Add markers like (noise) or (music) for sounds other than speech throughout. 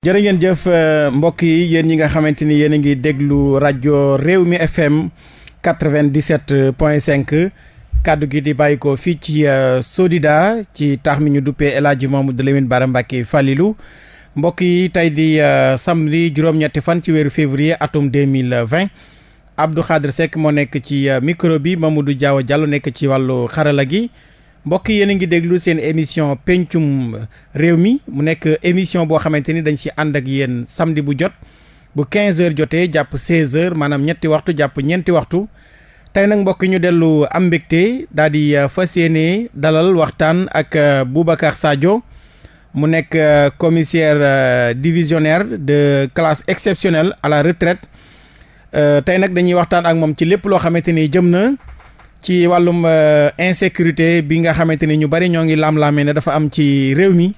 jërë ngeen jëf euh, mbokk yi yéen ñi nga xamante ni yéen a ngi déglu rajo réew mi FM quatre vingt point cinq kàddu gi di bàyyi ko fii ci euh, Sodida ci taax mi ñu duppee El Hadji Mamadou Lamine Bara Mbacké Falilou mbokk yi tey di euh, samedi juróom-ñetti fan ci weeru février atum deux mille vingt Abdou Khadre Seck moo nekk ci micro bi Mamadou Diaw Diallo nekk ci wàllu xarala gi. mbokk yéen a ngi déglu seen émission pencum réew mi mu nekk émission boo xamante ni dañ si ànd ak yéen samdi bu jot bu 15 heures jotee jàpp 16 heures maanaam ñetti waxtu jàpp ñeenti waxtu tey nag mbokk ñu dellu am mbégte daal di euh, fas yéene dalal waxtaan ak euh, Boubacar Sadio mu nekk euh, commissaire divisionnaire de classe exceptionnelle à la retraite tey nag dañuy waxtaan ak moom ci lépp loo xamante ni jëm na. ci wàllum euh, insécurité bi nga xamante ni ñu bari ñoo ngi lam-laamee ne dafa am ci réew mi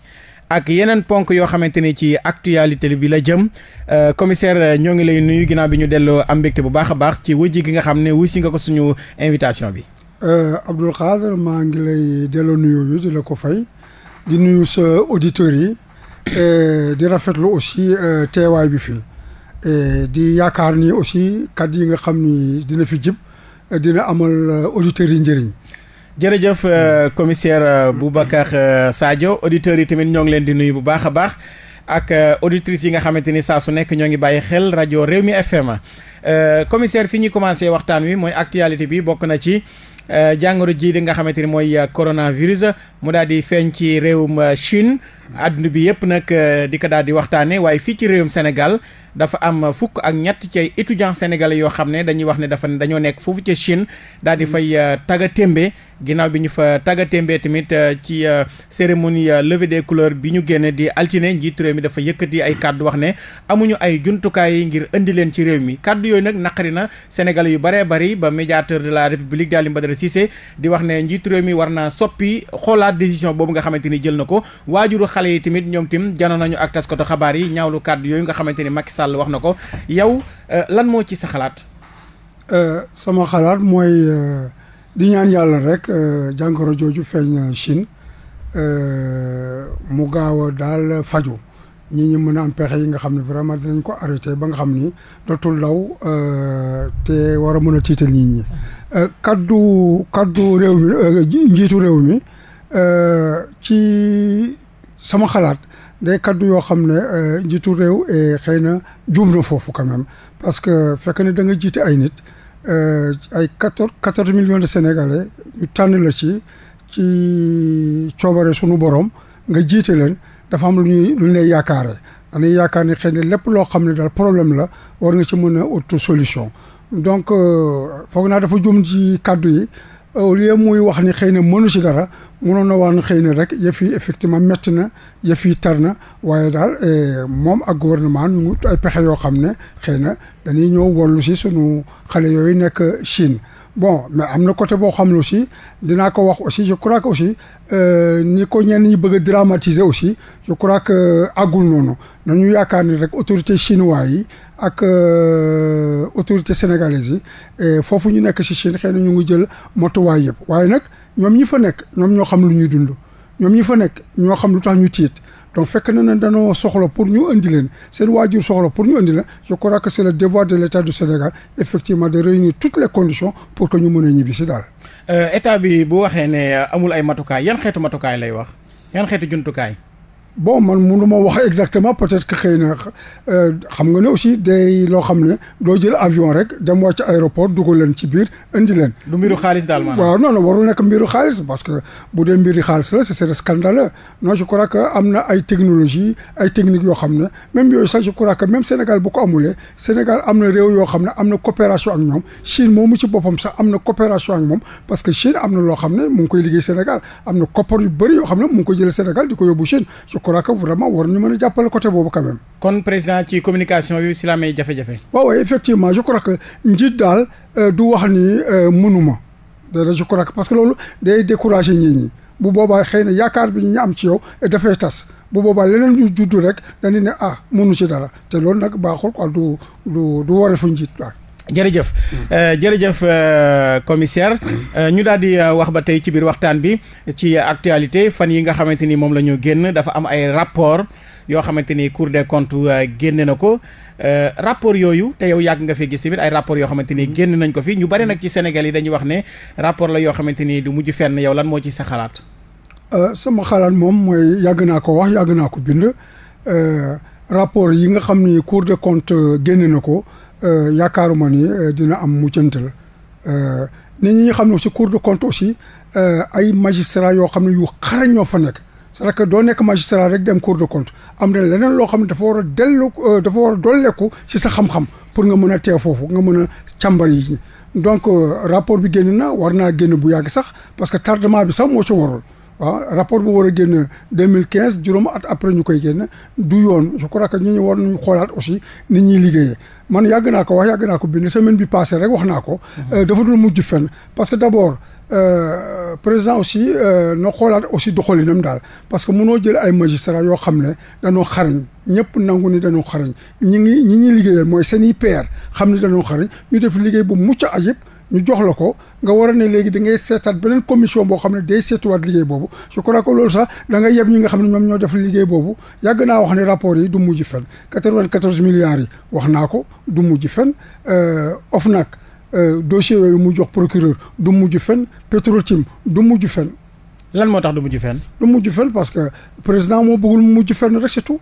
ak yeneen ponk yoo xamante ni ci actualité bi la jëm euh, commissaire euh, ñoo ngi lay nuyu ginnaaw bi ñu delloo am mbégte bu baax a baax ci wujj gi nga xam ne wusi nga ko suñu invitation bi. Abdoul Khadre maa ngi lay delloo nuyoo bi di la ko fay di nuyu sa auditeurs yi di rafetlu aussi teewaay bi fii di yaakaar ni aussi kàddu yi nga xam ni dina fi jib. dina amal euh, auditeurs yi njëriñ. jërëjëf euh, commissaire euh, Boubacar Sadio auditeurs yi tamit ñoo ngi leen di nuyu bu baax a baax ak auditrices yi nga xamante ni saa su nekk ñoo ngi bàyyi xel rajo réew mi FM commissaire fi ñu commencé waxtaan wi mooy actualité bi bokk na ci. Uh, jàngoro ji di nga xamante ni mooy uh, coronavirus mu daal di feeñ ci réewum Chine àdduna bi yëpp nag di ko daal di waxtaanee waaye fii ci réewum Sénégal dafa am fukk ak ñett ci étudiants sénégalais yoo xam ne dañuy wax ne dafa dañoo nekk foofu ca Chine daal di mm-hmm. fay euh, taga témbe ginnaaw bi ñu fa taga témbe tamit euh, ci euh, cérémonie levée des couleurs bi ñu génne di altine njiitu réew mi dafa yëkkati ay kàddu wax ne amuñu ay jumtukaay ngir indi leen ci réew mi kàddu yooyu nag naqari na sénégalais yu baree bari ba médiateur de la république di Alioune Badara Cissé di wax ne njiitu réew mi war naa soppi xoolaat décision boobu nga xamante ni jël na ko waajuru xale yi tamit ñoom tim janoon nañu ak taskatu xabaar yi ñaawlu kàddu yooyu nga xamante ni Macky Sall wax na ko yow euh, lan moo ci sa xalaat. Euh, sama xalaat mooy euh, di ñaan yàlla rek jàngoro jooju feeñ Chine mu gaaw a daal faju ñi ñu mën a am pexe yi nga xam ne vraiment dinañ ko arrêté ba nga xam ni dootul law te war a mën a tiital nit ñi kaddu kaddu réew mi njiitu réew mi ci sama xalaat day kaddu yoo xam ne euh, njiitu réew e xëy na juum na foofu quand parce que fekk ne da nga jiite ay nit euh, ay quatorze quatorze millions de sénégalais ñu tànn la ci ci coobare sunu borom nga jiite leen dafa am lu ñuy lu ñu lay yaakaare dañuy yaakaar ni xëy na lépp loo xam ne daal problème la war nga ci mën a auto solution donc euh, foog naa dafa juum ci kaddu yi au lieu mooy wax ni xëy na mënu ci dara mënoon na wax ne xëy na rek yëf yi effectivement métti na yëf yi tar na waaye daal eh, moom ak gouvernement ñu ngi ay pexe yoo xam ne xëy na dañuy ñëw wollu si sunu xale yooyu nekk Chine. bon mais am na côté boo xam ne aussi dinaa ko wax aussi je crois que aussi euh, ni ko ñenn ñi bëgg a dramatiser aussi je crois que euh, àggul noonu nañu yaakaar ni rek autorité chinois yi ak euh, autorité sénégalaise yi foofu ñu nekk si Chine xëy na ñu ngi jël motuwaay yëpp waaye nag ñoom ñi fa nekk ñoom ñoo xam lu ñuy dund ñoom ñi fa nekk ñoo xam lu tax ñu tiit donc fekk na ne danoo soxla pour ñu indi leen seen waajur soxla pour ñu indi leen je crois que c'est le devoir de l'État du Sénégal effectivement de réunir toutes les condition pour que ñu mëne a ñibbi si daal. Euh, état bi bu waxee ne euh, amul ay matukaay yan xeetu matukaay lay wax yan xeetu jumtukaay. bon man mënu moo wax exactement peut-être que xëy na euh, xam nga ne aussi day loo xam ne doo jël avion rek dem wàcc aéroport dugal leen ci biir indi leen. du mbiru xaalis daal maanaam. waaw non non warul nekk mbiru xaalis parce que bu dee mbiru xaalis la ce serait scandaleux non je crois am na ay technologie ay technique yoo xam ne même yooyu sax je crois que même Sénégal bu ko amulee Sénégal am na réew yoo xam ne am na coopération ak ñoom Chine moomu ci boppam na coopération ak moom parce que Chine na loo xam ne mu ngi koy liggéey Sénégal am na koppar yu yoo xam ne mu ngi koy jëlee Sénégal di ko yóbbu Chine. crois que vraiment war ñu mën a jàppale côté boobu quand même. kon président ci communication bi si la may jafe-jafe. waaw effectivement je crois njiit daal euh, du wax ni euh, mënuma dara je crois que parce que loolu day décourager ñii ñi bu boobaa xëy na yaakaar bi ñu am ci yow dafay tas. bu boobaa leneen ñu juddu rek dañuy ne ah mënu ci dara te loolu nag baaxul quoi du du du wareefu njiit daal. jërëjëf mm. euh, jërëjëf euh, commissaire euh, ñu daal di wax ba tey ci biir waxtaan bi ci actualité fan yi nga xamante ni moom la ñu génn dafa am ay rapport yoo xamante ni cour de comptes génne na ko rapport yooyu te yow yàgg nga fi gis tamit ay rapport yoo xamante ni génn nañ ko fi ñu bari nag ci Sénégal yi dañuy wax ne rapport la yoo xamante ni du mujj fenn yow lan moo ci sa xalaat sama xalaat moom mooy yàgg naa ko wax yàgg naa ko bind rapport yi nga xam ni cour des comptes na ko Euh, yaakaaruma ni euh, dina am muccantal euh, nit ñi xam ne aussi cour de compte aussi ay magistrat yoo xam ne yu xarañ ñoo fa nekk cest que doo nekk magistrat rek dem cour de compte am na leneen loo xam ne dafa war a dellu dafa war a dolleeku ci sa xam-xam pour nga mën a teew foofu nga mën a càmbar yi donc rapport bi génn na war naa génn bu yàgg sax parce que tardement bi sax moo ci warul rapport bu war a génn deux mille quinze juróom at après ñu koy génn du yoon je crois que ñu ñu war nañu xoolaat aussi nit ñuy liggéeyee man yàgg naa ko wax yàgg naa ko bind semaine bi passée rek wax naa ko. Mhm. Euh, dafa dul mujj fenn parce que d' abord euh, président aussi euh, na xoolaat aussi doxalinam daal parce que munoo jël ay magistrats yoo xam ne danoo xarañ ñëpp nangu ni danoo xarañ ñi ngi ñi ñuy liggéeyal mooy seen i peer xam ni danoo xarañ ñu def liggéey bu mucc ayib. ñu jox la ko nga war a ne léegi da ngay seetaat beneen commission boo xam ne day seetuwaat liggéey boobu je crois que loolu sax da nga yeb ñi nga xam ne ñoom ñoo def liggéey boobu yàgg naa wax ne rapport yi du mujj fen quatre-vingt-quatorze milliards yi wax naa ko du mujj fen euh, OFNAC euh, dossier yooyu mu jox procureur du mujj fen Petrotim du mujj fen lan moo tax du mujj fenn. du mujj fenn parce que président moo bëggul mu mujj fenn rek c'est tout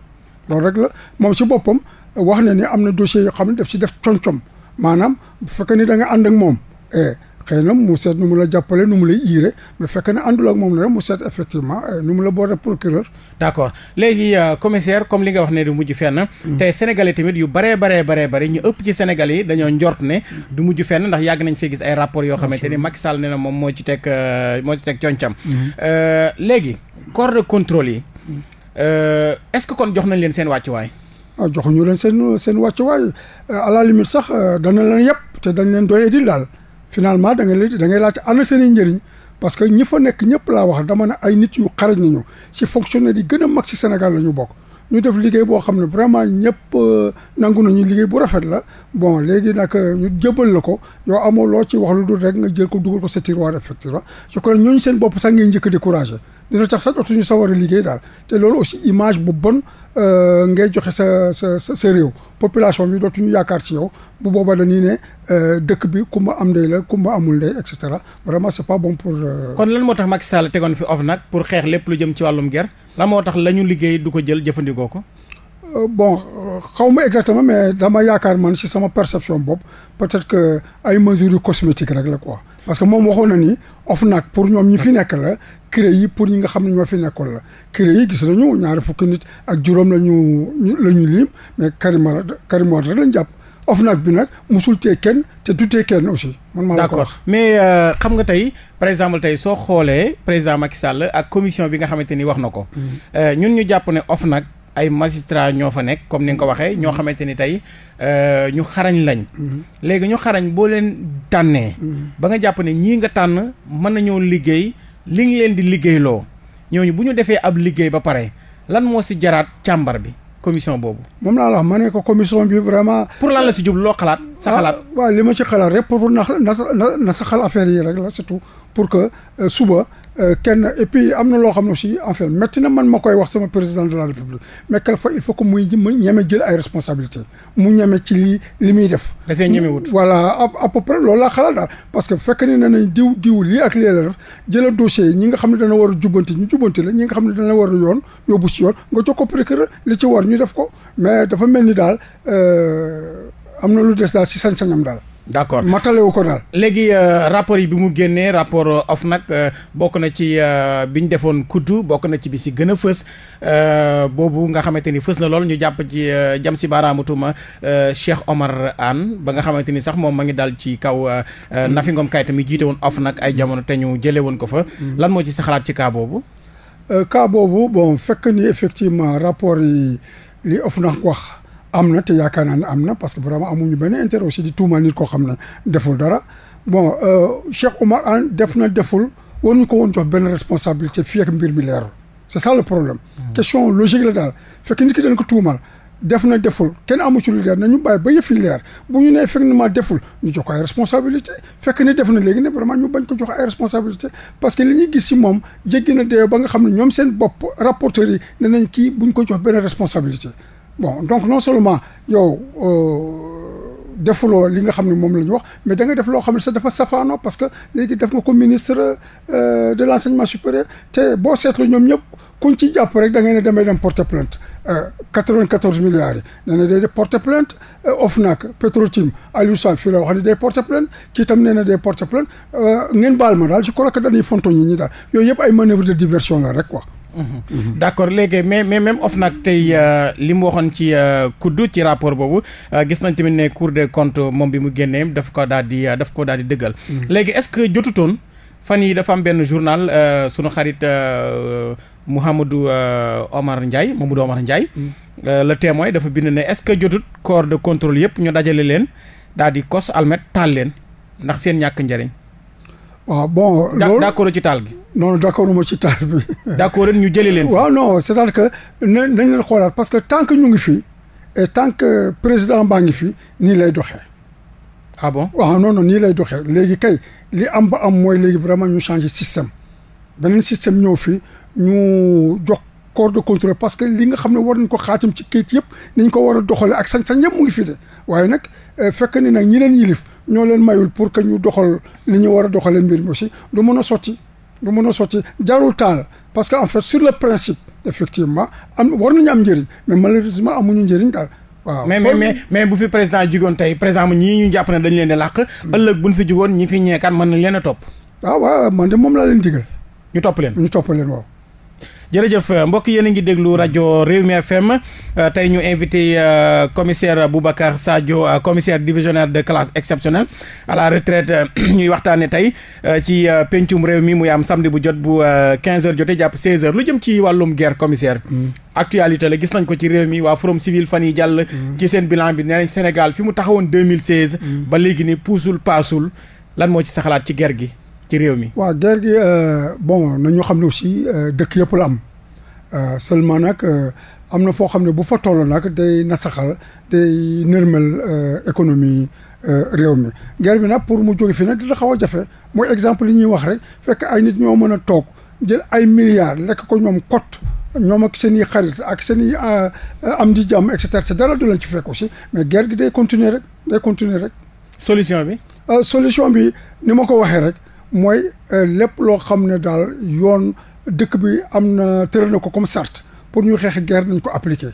loolu rek la moom si boppam wax na ni am na dossier yoo xam ne daf si def concom maanaam bu fekkee ni ànd ak moom Eh, xëy na mu seet nu mu la jàppale nu mu lay iire mais fekk na àndul ak moom la mu seet effectivement eh, nu mu la boole procureur. d' accord léegi euh, commissaire comme li nga wax ne du mujj fenn. Hmm. te sénégalais tamit yu bare bare baree bare ñu ëpp ci sénégalais yi dañoo njort ne du mujj fenn ndax yàgg nañ fee gis ay rapport yoo xamante ni mag Sall ne na moom moo ci teg euh, moo ci teg concam. Hmm. Euh, léegi corps de contrôle yi. Hmm. est ce que kon jox nañ leen seen wàccuwaay. ah joxuñu leen seen seen wàccuwaay à la limite sax dana leen yëpp te dañ leen doy edil daal. finalement da ngay da ngay laajte ana seen i njëriñ parce que ñi fa nekk ñëpp laa wax dama ne ay nit yu xarañ nañu si fonctionnaire di gën a mag si Sénégal la ñu bokk ñu def liggéey boo xam ne vraiment ñëpp euh, nangu ñu liggéey bu rafet la bon léegi nag euh, ñu jëbal la ko yow amoo loo ci wax lu du rek nga jël ko dugal ko sa tiroir effectivement je crois ñooñu seen bopp sax ngay njëkk a dina tax sax dootuñu sawar a liggéey daal te loolu aussi image bu bon euh, ngay joxe sa sa sa réew population bi dootuñu yaakaar si yow bu booba boobaa nii ne euh, dëkk bi kumba am ndey la kumba amul ndey et cetera vraiment c'est pas bon pour. Euh, kon lan moo tax Macky Sall tegoon fi nag pour xeex lépp lu jëm ci wàllum ger lan moo tax la ñu liggéey du ko jël jëfandikoo ko. Euh, bon euh, xaw ma exactement mais dama yaakaar man si sama perception bopp peut-être que ay mesures yu cosmétiques rek la quoi parce que moom waxoon na ni OFNAC pour ñoom ñi fi nekk la CREI yi pour ñi nga xam ne ñoo fi nekkoon la CREI yi gis nañu ñaari fukki nit ak juróom la ñu la ñu la mais Karim Karim Wade rek lañ jàpp OFNAC bi nag musul tee kenn te du tee kenn aussi man maa la ko wax mais euh, xam nga tey par exemple tey soo xoolee président Macky Sall ak commission bi nga xamante ni wax na ko hmm. ñun ñu jàpp ne OFNAC ay magistrats ñoo fa nekk comme ni nga ko waxee ñoo mm-hmm. xamante ni tey euh, ñu xarañ lañ. Mm-hmm. léegi ñu xarañ boo leen tànnee. Mm-hmm. ba nga jàpp ne ñii nga tànn mën nañoo liggéey li ngi leen di liggéeyloo ñu bu ñu defee ab liggéey ba pare lan moo si jaraat càmbar bi. commission boobu. moom laa la ma ne ko commission bi vraiment. pour lan la si jub loo xalaat. sa ah, xalaat waaw li ma ci xalaat rek pour na na na saxal affaire yi rek la surtout pour que euh, suba euh, kenn et puis am na loo xam ne aussi en fait métti na man ma koy wax sama président de la république mais quelque fois il faut que muy ñeme jël ay responsabilités mu ñeme ci li li muy def. da see ñeme wut. voilà à peu près loolu laa parce que fekk ne nañ diw diw lii ak lii la def jëla ñi nga xam ne war a jubbanti ñu jubbanti la ñi nga xam ne dana war a yoon yóbbu yoon nga jox ko procureur li ci war ñu def ko mais dafa mel ni daal euh, am na lu des daal si sañ-sañam daal. d' accord matalewu ko daal. léegi euh, rapport yi bi mu génnee rapport euh, nag euh, bokk na ci bi ñu defoon kuddu bokk na ci bi si gën a fës boobu nga xamante ni fës na lool ñu jàpp ci jam si baaraamutuma Cheikh Omar ann ba nga xamante ni sax moom ma ngi daal ci kaw mm. Nafi Ngom Keïta mi jiite woon nag ay jamono te ñu jëlee woon ko fa. Mm. lan moo ci sa xalaat ci kaa boobu. cas boobu bon fekk ni effectivement rapport yi li OFNAC wax. am na te yaakaar naa ne am na parce que vraiment amuñu benn intérêt aussi di tuumal nit koo xam ne deful dara bon euh, Cheikh Oumar Anne def na deful ñu ko woon jox benn responsabilité fii ak mbir mi leerul c'est ça le problème. Hmm. question logique la daal fekk nit ki dañ ko tuumal. def na deful kenn amu ci lu ñu nee fekk na ma deful ñu jox ko ay responsabilité fekk ne def na léegi ne vraiment ñu bañ ko jox ay responsabilité parce que li ñu gis si moom jéggi na dayoo ba nga xam ne ñoom seen bopp ne nañ kii buñ ko jox benn responsabilité bon donc non seulement yow euh, defuloo li nga xam ne moom la ñu wax mais da nga def loo xam ne sax dafa safaanoo parce que léegi def nga ko ministre euh, de l' enseignement te boo seetlu ñoom ñëpp ku ci jàpp rek da ngay ne damay dem porter plainte euh, quatre-vingt-quatorze milliards yi nee na day porter plainte OFNAC Petrotim Aliou Sall fii la wax ne day porter plainte kii tam nee na day porter plainte ngeen baal ma daal je crois que dañuy fonto ñi ñi daal yooyu yëpp ay manœuvre de diversion la rek quoi Mhm. d' accord léegi mais mais même nag tey euh, li mu waxoon ci euh, kuddu ci rapport boobu euh, gis nañ tamit ne Cour de comptes moom bi mu génnee daf ko daal di daf ko daal di dëggal. Mhm. léegi est ce que jotutoon fan yi dafa am benn journal sunu xarit Mouhamadou Omar Ndiaye Mamadou Omar Ndiaye. Mhm. le témoin dafa bind ne est ce que jotut corps de contrôle yëpp ñu dajale leen daal di kos almet taal leen ndax seen ñàkk njëriñ. waaw bon. loolu d' accord ci taal gi. non d' accord ma ci taal bi. d' ñu jëlee leen. waaw non c' est à dire que nañ leen xoolaat parce que ñu ngi fi et tant que président baa ngi fi nii lay doxee. ah bon waaw non nii lay doxee léegi kay li am ba am mooy léegi vraiment ñu changer système beneen système ñëw fi ñu jox. corps de contrôle parce que li nga xam ne war nañ ko xaatim ci kayit yëpp niñ ko war a doxalee ak sañ-sañ yëpp mu ngi fi de waaye nag euh, fekk ni nag ñi leen yilif ñoo leen mayul pour que ñu doxal li ñu war a doxalee mbir mi aussi du mën a sotti du mën a sotti jaarul taal parce que en fait sur le principe effectivement am war nañu am njëriñ mais malheureusement amuñu njëriñ daal waaw mais mais mais bu fi président jugoon tey par exemple ñi ñu jàpp ne dañ leen di làq hmm. ëllëg buñ fi jugoon ñi fi ñeekaan mën nañ leen a topp waaw ah, waaw man leen digal ñu topp leen ñu topp leen waaw jërëjëf mbokk yéen a ngi déglu rajo Rewmi FM euh, tey ñu invité euh, commissaire Boubacar Sadio euh, commissaire divisionnaire de classe exceptionnelle à la retraite (clears throat) ñuy waxtaane tey ci pencum réew mi mu am samedi bu jot bu 15 heures jotee jàpp 16 heures lu jëm ci wàllum ger commissaire mm. actualité la gis nañ ko ci réew mi waa forum civil fan yi jàll mm. ci seen bilan bi nee nañ Sénégal fi mu taxawoon 2016 mm. ba léegi ni puusul paasul lan moo ci saxalaat ci guerre gi ci réew mi. waaw guerre gi euh, bon nañu xam ne aussi euh, dëkk yëpp la am euh, seulement nag am na foo xam ne bu fa toll nag day nasaxal day nërmel économie réew mi. guerre bi nag pour mu jóge fii nag dina xaw a jafe mooy exemple li ñuy wax rek fekk ay nit ñoo mën a toog jël ay milliards lekk ko ñoom kott. ñoom ak seen i xarit ak seen i am di jàmm et cetera te dara du leen ci fekk aussi mais guerre gi day continuer rek day continuer rek. solution bi. solution bi ni ma ko waxee rek. mooy euh, lépp loo xam ne daal yoon dëkk bi am na tëral na ko comme sart pour ñu xeex guerre nañ ko appliqué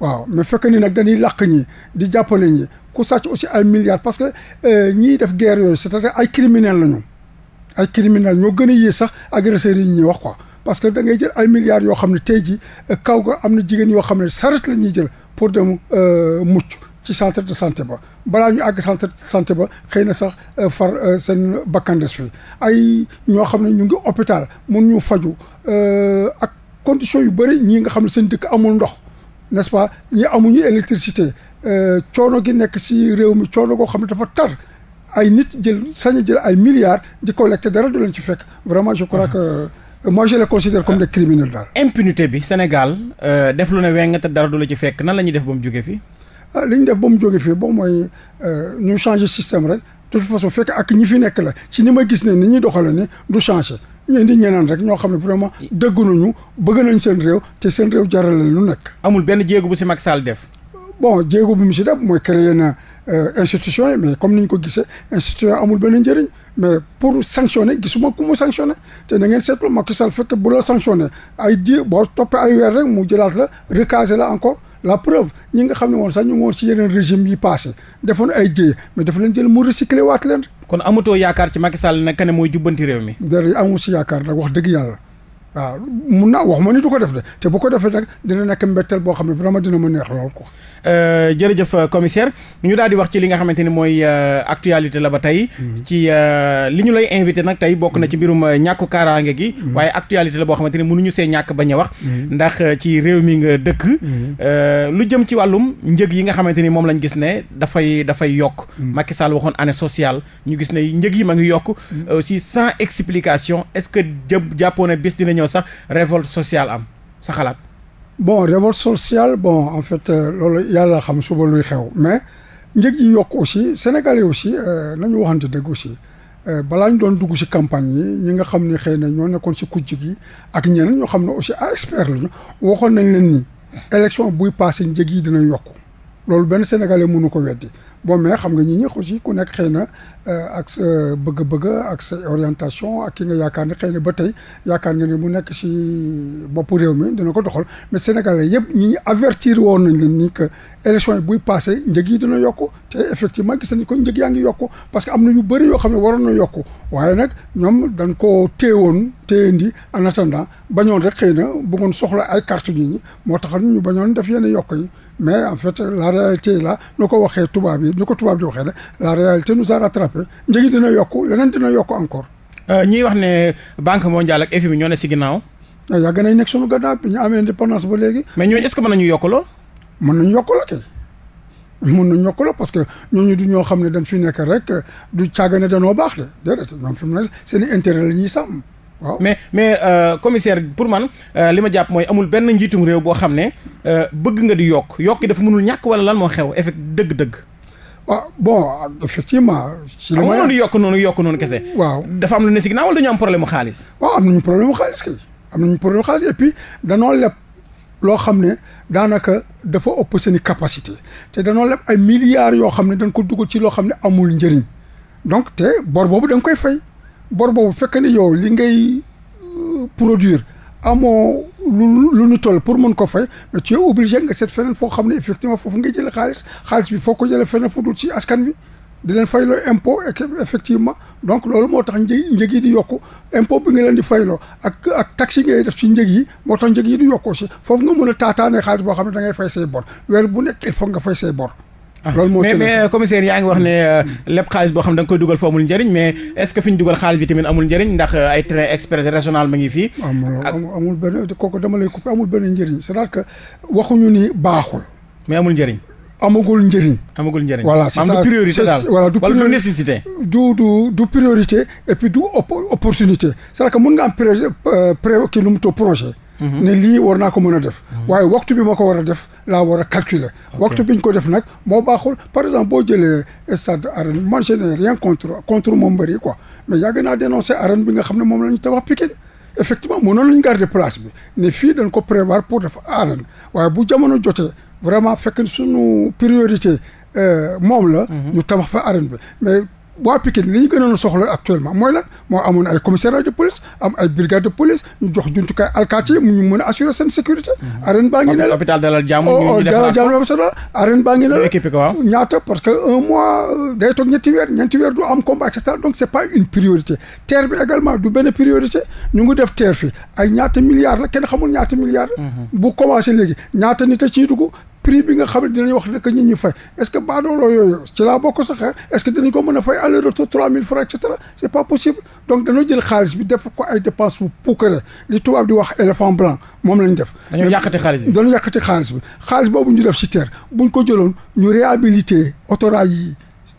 waaw mais fekk ni nag dañuy làq ñi di jàppale ñi ku sàcc aussi ay milliards parce que euh, ñiy def guerre yooyu c'est-à-dire ay criminels la ñu ay criminels ñoo gën a yées sax agresseurs yi ñuy wax ko parce que da ngay jël ay milliards yoo xam ne tey ji euh, kaw ga am na jigéen yoo xam ne saret la ñuy jël pour dem mucc ci centre de santé ba balaa ñu àgg centre de santé ba xëy na sax euh, far euh, seen bakkan fi ay ñoo xam ne ñu ngi hôpital mun ñu faju euh, ak conditions yu bëri ñii nga xam ne seen dëkk amul ndox n'est-ce pas ñi amuñu électricité coono gi nekk si réew mi coono goo xam ne dafa tar ay nit jël sañ jël ay milliards di collecté dara du leen ci fekk vraiment je crois mmh. que moi je les considère comme des criminels daal. impunité bi Sénégal def lu ne weng te dara du ci fekk nan la ñuy def ba jógee fi ah li ñu def ba mu jógee fii bon mooy euh, ñu changer système rek de toute façon fekk ak ñi fi nekk la ci ñi ma gis ne ni ñuy doxale ni du changer ñeen di ñeneen rek ñoo xam ne vraiment dëggu ñu bëgg nañ seen réew te seen réew jarale lu nekk. amul benn jéego bu si Macky saal def. bon jéego bu mu si def mooy créer na euh, institution yi mais comme ni ñu ko gisee institution amul benn njëriñ mais pour sanctionner gisuma ku mu sanctionner te na ngeen seetlu Macky Sall fekk bu la sanctionner ay boo toppee ay weer rek mu jëlaat la recaser la encore. la preuve ñi nga xam ne woon sax ñu ngi woon si yeneen régime yi passé defoon ay jéye mais dafa leen jël mu recyclé waat leen. kon amatoo yaakaar ci Macky Sall nag ne mooy jubbanti réew mi. dara amu si yaakaar nag wax dëgg yàlla. waaw mun naa wax ma ni du ko def de te bu ko defee nag dina nekk mbetteel boo xam ne vraiment dina ma neex lool ko euh, jërëjëf euh, commissaire ñu daal di wax ci li nga xamante ni mooy euh, actualité la ba tey. Mhm. ci li ñu lay invité nag tey bokk na ci mhm. mbirum ñàkku kaaraange gi. Mhm. waaye actualité boo xamante ni mënuñu see ñàkk bañ a wax. ndax ci réew mi nga dëkk. lu jëm ci wàllum njëg yi nga xamante ni moom lañ gis ne dafay dafay yokk. Macky Sall waxoon année sociale ñu gis ne njëg yi ma ngi yokk. aussi sans explication est-ce que jë jàppoon ne bés dina ñëw ñëw sax révolte sociale am sa xalaat. bon révolte social bon en fait euh, loolu yàlla xam suba luy xew mais njëg yi yokk aussi sénégalais aussi euh, nañu waxante dëgg aussi euh, balaa ñu doon dugg si campagne yi ñi nga xam ni xëy na ñoo nekkoon si kujj gi ak ñeneen ñoo xam ne aussi a expert lañu waxoon nañ leen ni élection buy passé njëg yi dina yokk loolu benn sénégalais munu ko weddi bon mais xam nga ñi ñëpp aussi ku nekk xëy na euh, ak sa bëgg-bëgg ak sa orientation ak ki nga yaakaar ne xëy na ba tey yaakaar nga ne mu nekk si boppu réew mi dina ko doxal mais Sénégalais yëpp ñi avertir woon nañ leen ni que élection buy passé njëg yi dina yokku te effectivement gis nañ ko njëg yaa ngi yokku parce que am na bëri yoo xam ne waroon na yokku waaye nag ñoom dañ koo téewoon téyandi en attendant bañoon rek xëy na bëggoon soxla ay carte moo tax ñu bañoon def yenn yokk mais en fait la réalité la noo ko waxee tubaab yi ñu ko tubaab di waxee la la réalité nous a rattrapé njëgi dina yokk leneen dina yokk encore. Euh, ñuy wax ne banque mondiale ak FMI ñoo ne si ginnaaw. Ah, yàgg nañ nekk sunu gannaaw bi ñu ba léegi. mais ñooñu est-ce mën nañu yokkaloo. mën nañu mën nañu yokkaloo parce que ñooñu du ñoo xam ne dañ fi nekk du caaga ne danoo baax de déedéet ñoom fi seen i la ñuy sàmm. mais mais euh, commissaire pour man euh, li ma jàpp mooy amul benn njiitum réew boo xam ne euh, bëgg nga di yokk yokk yi dafa mënul ñàkk wala lan moo xew effet dëgg-dëgg. ah bon effectivement. si la ah, ma yokk noonu yokk noonu kese. waaw dafa am lu ne si ginnaaw wala dañu am problème xaalis. waaw am nañu problème mu xaalis kay am nañu problème mu xaalis et danoo leb loo xam ne daanaka dafa ëpp seen i capacité te danoo leb ay milliards yoo xam ne dañ ko dugal ci loo xam ne amul njëriñ donc te bor boobu da koy fay bor boobu fekk ne yow li ngay euh, produire amoo. lu lu nu toll pour mën ko fay mais tu es obligé nga seet feneen foo xam ne effectivement foofu nga jëlee xaalis xaalis bi foo ko jëlee feneen fu dul ci askan bi di leen fayloo impôt e, effectivement donc loolu moo tax njëg njëg yi di yokku impôt bi nga leen di fayloo ak ak taxe yi ngay def ci njëg yi moo tax njëg yi di yokku aussi foofu nga mën a taataanee xaalis boo xam ne da ngay fay say bor weer bu nekk il faut nga fay say bor Ah. loolu moo mais mais euh, commissaire yaa ngi wax ne euh, lépp xaalis boo xam da nga koy dugal fa amul njëriñ mais est ce que fi ñu dugal xaalis bi tamit amul njëriñ ndax euh, ay train express régional ma ngi fii amul benn kooku dama lay coupé amul benn njëriñ c'est-à-dire que waxuñu ni baaxul mais amul njëriñ amagul njëriñ amagul njëriñ voilà c'est ça du priorité daal voilà du priorité nécessité du du du priorité et puis du opportunité cest que mun nga am pré pré kii nu mu projet ne lii war naa ko mën a def waaye waxtu bi ma ko war a def laa war a calculer waxtu biñ ko def nag moo baaxul par exemple boo jëlee stade arène man je n'ai rien contre contre moom mbëri ko mais yàgg naa dénoncer arène bi nga xam ne moom la ñu tabax Pikine effectivement mënoon lañ garder place bi ne fii dañ ko prévoir pour def arène waaye bu jamono jotee vraiment fekk suñu priorité euh, moom la mhm. ñu tabax fa arène bi waa Pikine li ñu gënoon soxla actuellement mooy lan moo amoon ay commissariat de police am ay brigade de police ñu jox jumtukaay alkaati mu ñu mën a assurer sécurité. Mm-hmm. arène baa ngi ne la hôpital Dalal Jàmm oh, ñu oh, def Dalal Jàmm sa la arène baa ngi ne la ñaata parce que un mois euh, day toog ñetti weer ñetti weer du am combat et cetera donc c' est pas une priorité terre bi également du benn priorité ñu ngi def terre fi ay ñaata milliards la kenn xamul ñaata milliards. Mm-hmm. bu commencé léegi ñaata nit a ciy dugg pris bi nga xam ne dinañ wax rek ñun ñu fay est ce que baadoolo yooyu ci laa bokk sax est ce que ko mën a fay aller retour trois mille francs et cetera pas possible donc dañoo jël xaalis bi def ko ay dépense bu puukare li tubaab di wax éléphant blanc moom lañ def. dañoo yàqati xaalis bi dañoo yàqati xaalis bi xaalis boobu ñu def ci bu ñu ko jëloon ñu réhabilité oto yi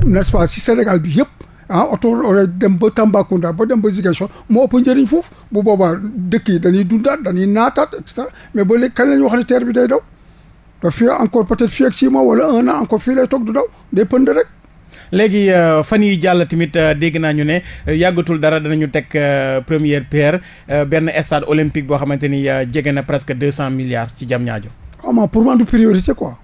n' si Sénégal bi yëpp. ah oto dem ba Tambacounda ba dem ba Ziguinchor moo ëpp njëriñ foofu bu boobaa dëkk yi dañuy dundaat dañuy naataat et cetera ba léegi kañ la ñu wax ne terre bi day daw. daf fii encore peut-être fii ak six mois wala un an encore fii lay toog du daw day pënd rek. léegi euh, fan yi jàll tamit euh, dégg naa ñu ne euh, yàggatul dara danañu teg première pierre benn stade olympique boo xamante ni jege na presque deux cent milliards ci Diamniadio. waaw man pour moi du priorité quoi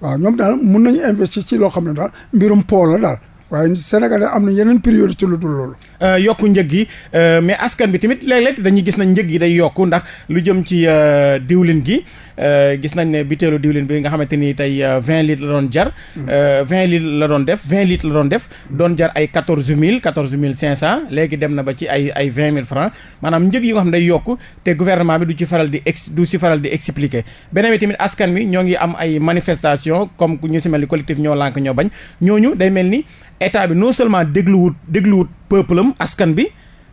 waaw ñoom daal mun nañu investi ci loo xam ne daal mbirum pôle la daal waaye Sénégal am na yeneen priorité lu dul loolu. Euh, yokku njëg yi euh, mais askan bi tamit léeg-léeg dañuy gis nañ njëg yi day yokku ndax lu jëm ci euh, diwlin gi gis nañ ne butéelu diwlin bi nga xamante ni tey vingt litres la doon jar. Hmm. vingt litres la doon def vingt litres la doon def hmm. doon jar ay quatorze mille quatorze mille cinq cent léegi dem na ba ci ay ay vingt mille francs maanaam njëg yi nga xam day yokku te gouvernement bi du ci faral di ex du ci faral di expliquer beneen bi tamit askan bi ñoo ngi am ay manifestation comme ku ñu si mel ni collectif ñoo lànk ñoo bañ ñooñu day mel ni état bi non seulement dégluwut dégluwut. peuple am askan bi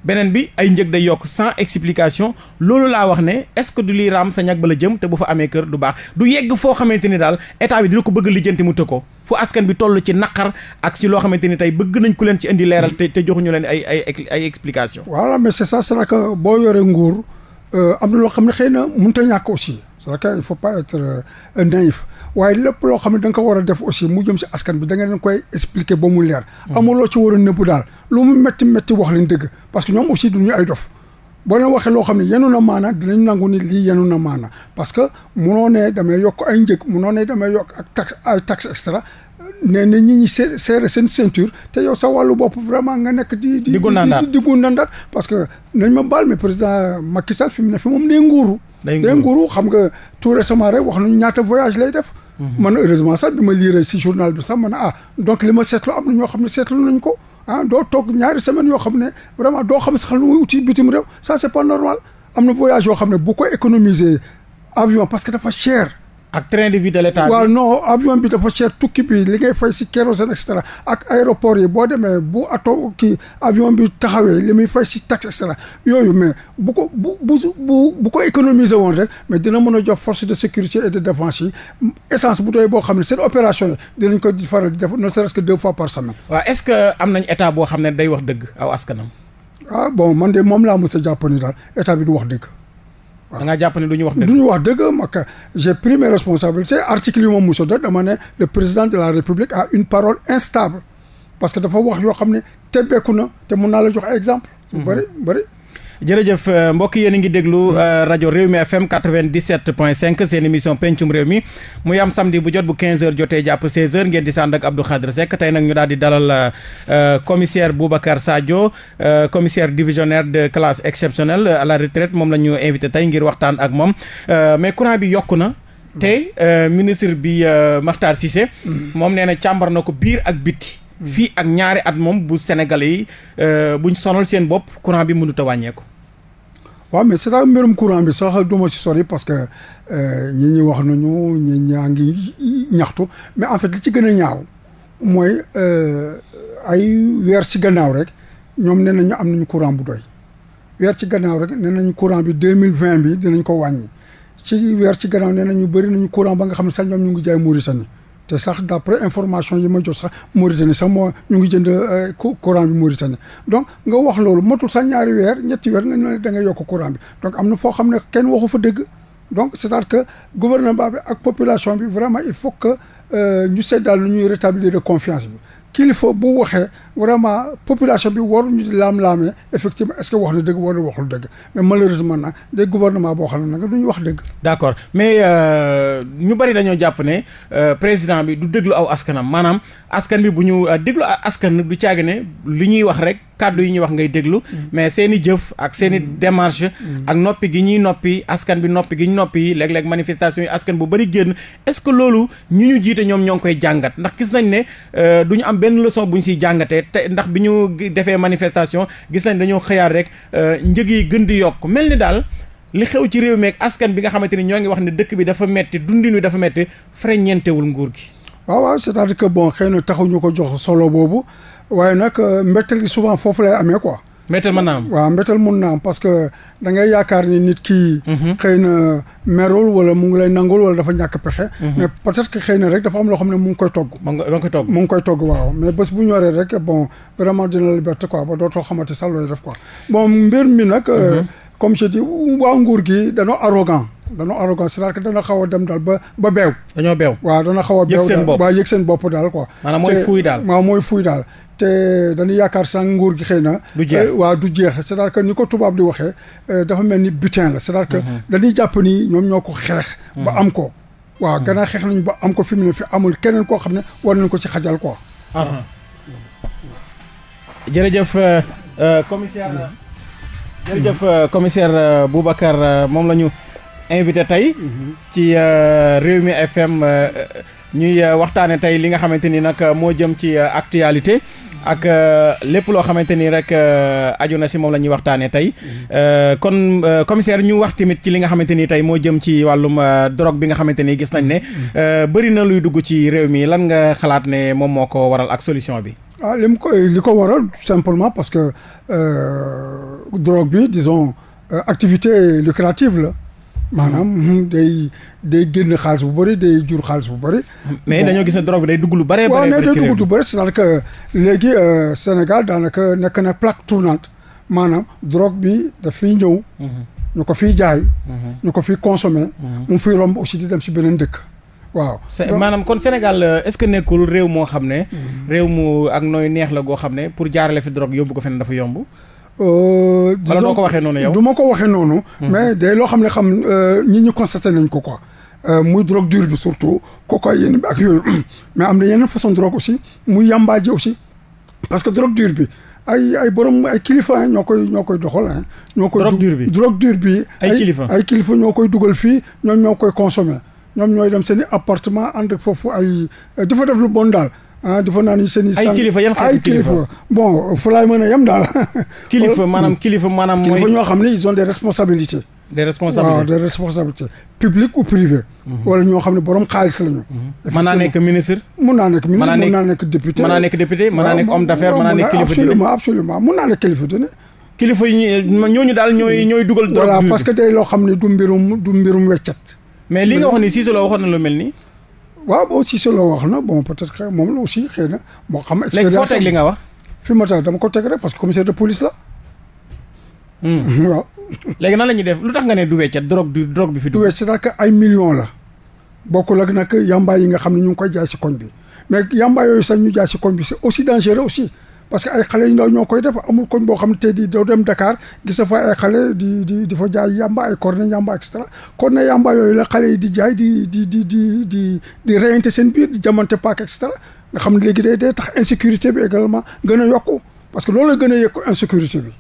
beneen bi ay njëg day yokk sans explication loolu laa wax ne est-ce que du liy raam sa ñag ba la jëm te bu fa amee kër du baax du yegg foo xamante ni daal état bi dina ko bëgg lijjanti mu të ko fu askan bi toll ci naqar ak si loo xamante ni tey bëgg nañ ku leen ci indi leeral te te joxuñu leen ay ay ay explication voilà mais c'est ça c'est que boo yore nguur euh, am na loo xam ne xëy na mënut a ñàkk aussi c'est que il faut pas être euh, naïf waaye lépp loo xam ne da nga ko war a def aussi mu si askan bi da nga koy expliquer ba mu leer. amuloo ci war a nëbbu daal lu mu métti métti wax leen dëgg parce que ñoom aussi du ñu ay dof. boo leen waxee loo xam ne yenu na maana dinañ nangu ni lii yenu na maana parce que munoo ne damay yokk ay njëg munoo ne damay yokk ak tax ay taxe extra ne na ñi ñi serré seen ceinture te yow sa wàllu bopp vraiment nga nekk di di di gundandaat parce que nañ ma baal mais président Macky Sall fi mu ne fi moom day nguuru day nguuru xam nga tout récemment rek wax nañu ñaata voyage lay def Mhm. man heureusement sax bi ma liiree si journal bi na ma ne ah donc li ma seetlu am na ñoo xam ne seetlu nañ ko ah doo toog ñaari semaine yoo xam ne vraiment doo xam sax lu muy uti bitim réew ça c'est pas normal am na voyage yoo xam ne bu ko économiser avion parce que dafa cher. ak train de vie de l'état waaw non avion bi dafa cher tukki bi li ngay fay si kérosène et ak aéroport yi boo demee bu ato kii avion bi taxawee li muy fay si taxe et yooyu mais bu ko bu bu bu bu ko économiser woon rek mais dina mën a jox force de sécurité et de défense yi essence bu doy boo xam ne seen opération yi dinañ ko faral di def ne serait-ce que fois par semaine. waaw est-ce que am nañ état boo xam ne day wax dëgg askanam. ah bon man de moom laa mos a jàpp ni bi du wax dëgg. da ngaa jàpp ne du ñu wax dëgg. du ñu wax dëgg maka j'ai pris mes responsabilités article yi moom mos a jot dama ne le président de la république a une parole instable parce que dafa wax yoo xam ne tebbeeku na te mun naa la jox exemple. Mm-hmm. bëri bëri. jërëjëf euh, mbokk yéen a ngi déglu euh, rajo Réwmi FM 97.5 seen émission pencum réew mi muy am samedi bu jot bu 15h jotee jàpp 16h ngeen di sànd ak Abdou Khadre Seck tey nag ñu daal di dalal euh, commissaire Boubacar Sadio commissaire divisionnaire de classe exceptionnelle à la retraite moom la ñu invité tey ngir waxtaan ak moom mais courant bi yokku na. tey ministre bi Makhtar Cissé. moom nee na càmbar na ko biir ak bitti. fii ak ñaari at moom bu Sénégalais yi buñ sonal seen bopp courant bi mënut wàññeeku. waaw mais c'est à mbirum courant bi sax du ma si sori parce que euh, ñi ñi wax nañu ñi ñaa ngi ñaxtu mais en fait li ci gën a ñaaw mooy euh, ay weer ci gannaaw rek ñoom nee nañu am nañu courant bu doy weer ci gannaaw rek nee nañu courant bi deux mille vingt bi dinañ ko wàññi ci weer ci gannaaw nee nañu bëri nañu courant ba nga xam ne sax ñoom ñu ngi jaay Mauritanie te sax d' après information yi ma jot sax Mauritanie sax moo ñu ngi jënd euh, courant bi Mauritanie donc nga wax loolu matul sax ñaari weer ñetti weer nga ne da nga yokk courant bi donc am na foo xam ne kenn waxu fa dëgg donc c' est à dire que gouvernement ak population bi vraiment il faut que euh, ñu seddaal lu ñuy rétablir confiance bi kilifa bu waxee vraiment population bi waruñu di laam-laamee effectivement est wax na dëgg wala waxul dëgg mais malheureusement nag de gouvernement boo xam ne nag ñu wax dëgg. d'accord mais euh, ñu bari dañoo jàpp ne euh, président bi du déglu aw askanam maanaam askan bi bu ñu euh, déglu askan du caagi ne li ñuy wax rek. kàddu yi ñuy wax ngay déglu mais seeni jëf ak seen i démarche ak noppi gi ñuy noppi askan bi noppi gi ñu noppi léeg-léeg manifestation yi askan bu bëri génn est-ce que loolu ñu ñu jiite ñoom ñoo ngi koy jàngat ndax gis nañ ne euh, du ñu am benn leçon bu ñu siy jàngatee te ndax bi ñu defee manifestation gis nañ dañoo xëyaat rek euh, njëg yi gën di yokk mel ni daal li xew ci réew mi ak askan bi nga xamante ni ñoo ngi wax ne dëkk bi dafa metti dundin wi dafa metti frais ñeentewul nguur gi waaw waaw que bon xëy na taxuñu ko jox solo boobu waaye nag euh, mbettel gi souvent foofu lay amee quoi. mbettel ma naa am waaw mbettel mun naa parce que da ngay yaakaar ni nit ki. Mhm. xëy na merul wala mu ngi lay nangul wala dafa ñàkk pexe. Mhm. mais peut-être xëy na rek dafa am loo xam ne mu ngi koy togg. mu ngi koy togg mu ngi koy togg waaw mais bés bu ñoree rek bon vraiment dina la bett quoi ba dootoo xamante sax looy def quoi bon mbir mi nag. Euh, mhm. comme je dis waa nguur gi danoo arrogant danoo arrogant c'est-à-dire que dana xaw a dem daal ba ba beew dañoo beew waaw dana xaw a beew daal waaw yëg seen bopp daal ko maanaam mooy fuuy daal waaw mooy fuuy daal te dañu yaakaar sànq nguur gi xëy na eh, waaw du jeex c'est-à-dire ni ko tubaab di waxee eh, dafa mel ni butin la c'est-à-dire que mm-hmm. dañuy jàpp ni ñoom ñoo ko xeex ba mm-hmm. am ko waaw mm-hmm. gannaaw xeex nañu ba am ko fi mu ne fi amul keneen koo xam ne war nañ ko ci xajal quoi ah. jërëjëf euh, euh, commissaire jëf euh, commissaire euh, Boubacar euh, moom la ñu invité tey ci réew Rewmi FM ñuy waxtaane tey li nga xamante ni nag moo jëm ci actualité ak lépp loo xamante ni rek aju na si moom la ñuy waxtaanee tey kon commissaire ñu wax tamit ci li nga xamante ni tey moo jëm ci wàllum drogue bi nga xamante ni gis nañ ne bëri na luy dugg ci réew mi lan nga xalaat ne moom moo ko waral ak solution bi. ah li mu li ko waral simplement parce que euh, drogue bi disons euh, activité lucrative la. maanaam (laughs) day day génn xaalis bu bëri day jur xaalis bu bëri. mais dañoo gis ne drogue bi day dugg lu bëree. bëri bëri day dugg lu bëri euh, Sénégal daanaka nekk na plaque tournante maanaam drogue bi daf fiy ñëw. Mhm. ñu ko fiy jaay. Mhm. ñu ko fiy consommer. Mhm. mu fiy romb aussi di dem si beneen dëkk. waaw maanaam kon Sénégal euh, est-ce que nekkul réew moo xam ne. Mm-hmm. réew mu ak nooy neex la goo xam ne pour jaarale fi drogue yóbbu ko fenn dafa yomb. Euh, wala noo ko waxee noonu yow ma ko waxee noonu. Mm-hmm. mais day loo xam ne xam euh, ñi ñu constaté nañ ko quoi. muy drogue dure bi surtout cocaïne ak yooyu (clears throat) mais am na yeneen façon drogue aussi muy yàmbaa ji aussi parce que drogue dure bi. ay ay borom ay kilifa ñoo koy ñoo koy doxal ñoo koy drogue dure bi drogue dure bi ay kilifa ay kilifa ñoo koy dugal fii ñoom ñoo koy consommer ñoom ñooy dem seen i appartement ànd foofu ay eh, di fa def lu bon daal ah di fa naan seen i. ay kilifa yan xeetu kilifa ay kilifa bon fu mën a yem daal. (laughs) kilifa maanaam kilifa maanaam. mooy kilifa ñoo xam ne ils ont des responsabilités. des responsabilités waaw des responsabilités mhm. ñoo xam ne borom xaalis la mhm. naa nekk ministre. mën naa nekk ministre mën naa nekk député. mën naa nekk député mën naa nekk homme d'affaires mën naa nekk kilifa dina absolument kilifa ñooñu daal ñooy ñooy dugal. drogue dure voilà parce loo xam ne du mbirum du mbirum weccat mais li nga wax ni Cissé Lo waxoon na lu mel ni waaw bon Cissé Lo wax na bon peut-être que moom la aussi xëy na moo xam. expérience léegi foo teg li nga wax. fi ma tax dama ko teg rek parce que commissaire de police la. Hmm. (laughs) waaw. léegi nan la ñuy def lu tax nga ne du weccat drogue du drogue bi fi. du wecc c'est-à-dire que ay millions la. bokkul ak nag yamba yi nga xam ne ñu ngi koy jaay si koñ bi mais yamba sa sax ñu jaay si koñ bi c'est aussi dangereux aussi. parce que ay xale yu ndaw ñoo koy def amul koñ boo xam te di doo dem Dakar gis fa ay xale di di di fa jaay yamba ay corne yamba et cetera corne yamba yooyu la xale yi di jaay di di di di di di reyante seen biir di jamante paak et cetera nga xam ne léegi day day tax insécurité bi également gën a yokku parce que loolu gën a yokku insécurité bi.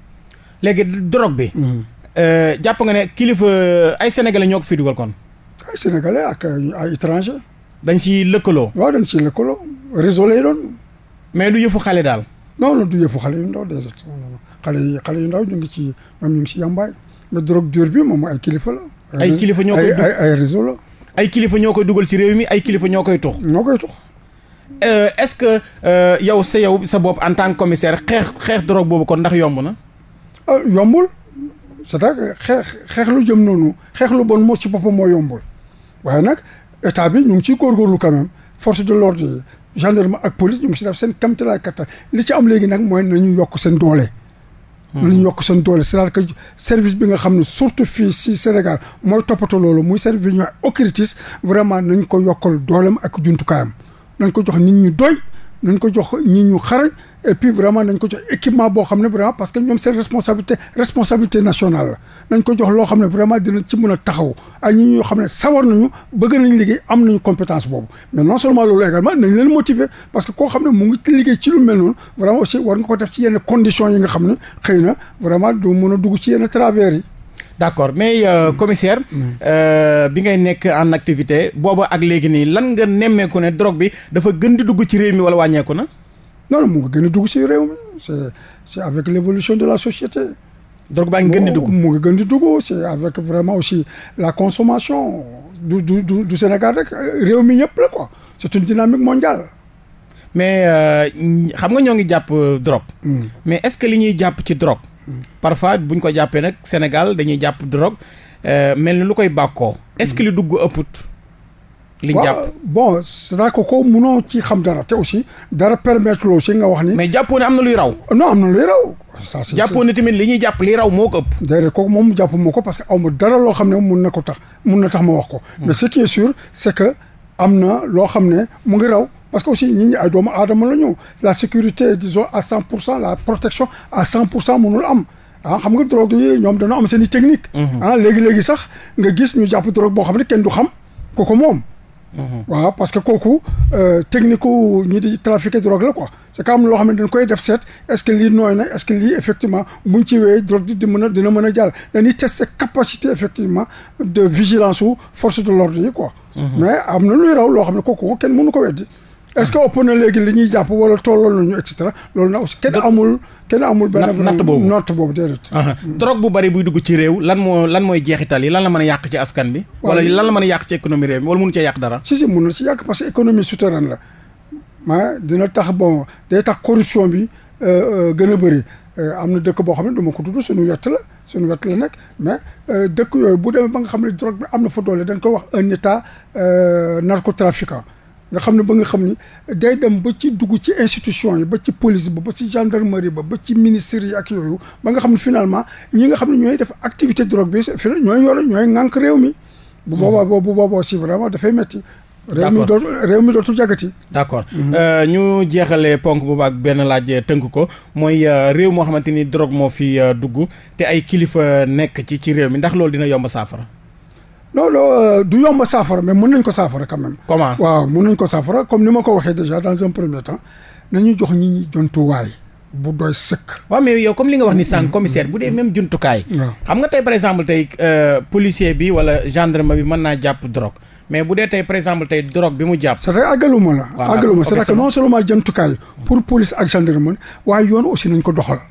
léegi drogue bi. Hmm. Euh, jàpp nga ne kilifa ay sénégalais ñoo ko fi dugal kon. ay sénégalais ak ay étranger dañ si lëkkaloo. waaw dañ si lëkkaloo réseau lay doon. mais lu yëfu xale daal. non du yëfu xale yu ndaw déedéet xale yi xale yu ndaw ñu ngi ci ñoom ñu ngi ci yàmbaay mais drogue dure bi moom ay kilifa la. ay kilifa ñoo koy ay ay la. ay kilifa ñoo koy dugal ci réew mi ay kilifa ñoo koy tux. ñoo koy tux. Euh, est-ce que euh, yow sa yow sa bopp en tant que xeex xeex drogue boobu kon ndax yomb na. Ah, yombul c'est-à-dire jëm noonu xeex lu bon moo ci boppam moo yombul waaye nag état bi ñu ngi ciy góorgóorlu quand même force de l'ordre yi gendarme ak police ñu ngi si def seen kamtalaay kattan li ci am léegi nag mooy nañu yokk seen doole. Hmm. nañu yokk seen doole c'est-à-dire que service bi nga xam ne surtout fii si Sénégal mooy toppatoo loolu muy service bi ñuy wax OCRTIS vraiment nañ ko yokkal dooleem ak jumtukaayam nañ ko jox nit ñu doy nañ ko jox nit ñu xarañ. et puis vraiment nañ ko jox équipement boo xam ne vraiment parce que ñoom seen responsabilité responsabilité nationale la nañ jox loo xam ne vraiment dina ci mën a taxaw ay ñi xam ne sawar nañu bëgg nañ liggéey am nañu compétence boobu mais non seulement loolu également nañ leen motiver parce que koo xam ne mu ngi liggéey ci lu mel noonu vraiment aussi war nga ko def ci yenn conditions yi nga xam ne xëy na vraiment du mën a dugg ci yenn travers yi d'accord mais euh, mmh. commissaire mm. Euh, bi ngay nekk en activité booba ak léegi nii lan nga nemmeeku ne drogue bi dafa gën di dugg ci réew mi wala wàññeeku na non non mu ngi gën a dugg si réew mi c' est avec l' évolution de la société. drogue baa ngi gën di dugg mu ngi gën di dugg c' vraiment aussi la consommation du du du du Sénégal rek réew mi ñëpp la quoi c' est une dynamique mais euh, xam nga ñoo ngi jàpp euh, drogue. Mm. mais est ce que li ñuy jàpp ci drogue. Mm. parfois buñ ko jàppee nag Sénégal dañuy jàpp drogue euh, mel ni lu koy bàkkoo. est ce mm. que li dugg ëpput. liñ jàpp bon c'est-à-dire ko mënoo ci xam dara te aussi dara permettre loo nga wax ni. mais jàppoo am na luy raw. non am na luy raw. ça c'est ne tamit li ñuy jàpp li raw moo ko ëpp. déedéet kooku moom jàpp ko parce que aw ma dara loo xam ne mun na ko tax mun na tax ma wax ko. Hmm. mais ce qui est sûr am na loo xam ne mu ngi raw. parce que aussi ñi ñi ay doomu aadama la ñu la sécurité disons à cent pour cent la protection à cent pour cent mënul am ah xam nga drogue ñoom dañoo am seen i technique hmm. ah léegi-léegi sax nga gis ñu jàpp drogue boo xam ne kenn du xam ko ko moom Mm-hmm. waaw parce que kooku euh, technique gu ñi di trafiquer drogue la quoi c'est loo xam ne dañ koy def seet est-ce que lii nooy na est-ce que lii effectivement buñ ci wéyee drogue di mën a dina mën a jàll dañuy capacité effectivement de vigilance wu force de l'ordre yi quoi mm-hmm. mais am na luy raw loo xam ne kooku kenn mënu ko weddi est-ce que ëpp na léegi li ñuy jàpp wala tolloo nañu et loolu na aussi kenn amul kenn amul benn natt boobu natt boobu déedéet mm. drogue bu bari buy dugg ci réew lan moo lan mooy jeexital yi lan la mën yàq ci askan bi wala lan la man yàq ci économie réew mi wala mënu cee yàq dara si si mun na si yàq parce que économie souterraine la ma dina tax bon day tax corruption bi euh, euh, gën a bëri euh, am na dëkk boo xam ne du ma ko tudd suñu wett la suñu wett la nekk mais dëkk bu demee ba nga xam ne drogue bi am na fa doole dañ ko wax un état narcotrafiquant nga xam ne ba nga xam ni day dem ba ci dugg ci institution yi ba ci police ba ba ci gendarmerie ba ba ci ministère yi ak yooyu ba nga xam ne finalement ñi nga xam ne ñooy def activité drogue bi ñooy yore ñooy ŋànk réew mi. bu hmm. boobaa bu booboo si vraiment dafay metti réew mi dootul réew mi dootul jàggati. d' accord hmm. euh, ñu jeexalee ponk bu baag benn laaj euh, tënk ko mooy euh, réew moo xamante ni drogue moo fi dugg te ay kilifa nekk ci ci réew mi ndax loolu dina yomb saafara. non non euh, du yomb saafara mais mën nañ ko saafara quand même. comment waaw mën nañ ko saafara comme ni ma ko waxee déjà dans un premier temps nañu jox ñi ñi jontuwaay bu doy sëkk. waaw mais yow comme li nga wax ni sànq mm. commissaire bu dee même jumtukaay. xam nga tey par exemple tey euh, policier bi wala gendarme bi mën naa jàpp drogue mais bu dee tey par exemple tey drogue bi mu jàpp. c'est-à-dire àggaluma la. waaw àggaluma c'est-à-dire que non seulement jumtukaay pour police ak gendarme yoon aussi nañ ko doxal.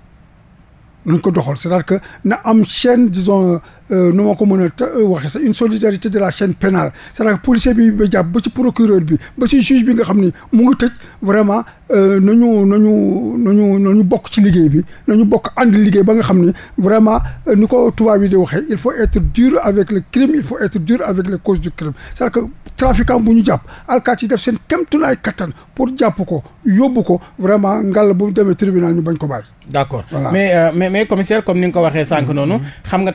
nañ ko doxal cest à na am chaîne disons. Euh, nu ma ko mën a euh, waxee sax une solidarité de la chaîne pénale c'est-à-dire policier bi ba jàpp ba ci procureur bi ba ci juge bi nga xam ni mu ngi tëj vraiment euh, nañu nañu bokk ci liggéey bi na nañu bokk ànd liggéey ba nga xam ni vraiment ni ko tubaab yi di waxee il faut être dur avec le crime il faut être dur avec les causes du crime c'est-à-dire que bu ñu jàpp alkaat yi def seen kemtulaay kattan pour jàpp ko yóbbu ko vraiment ngàll bu demee tribunal ñu bañ ko bàyyi. waxee sànq mm-hmm. noonu. xam nga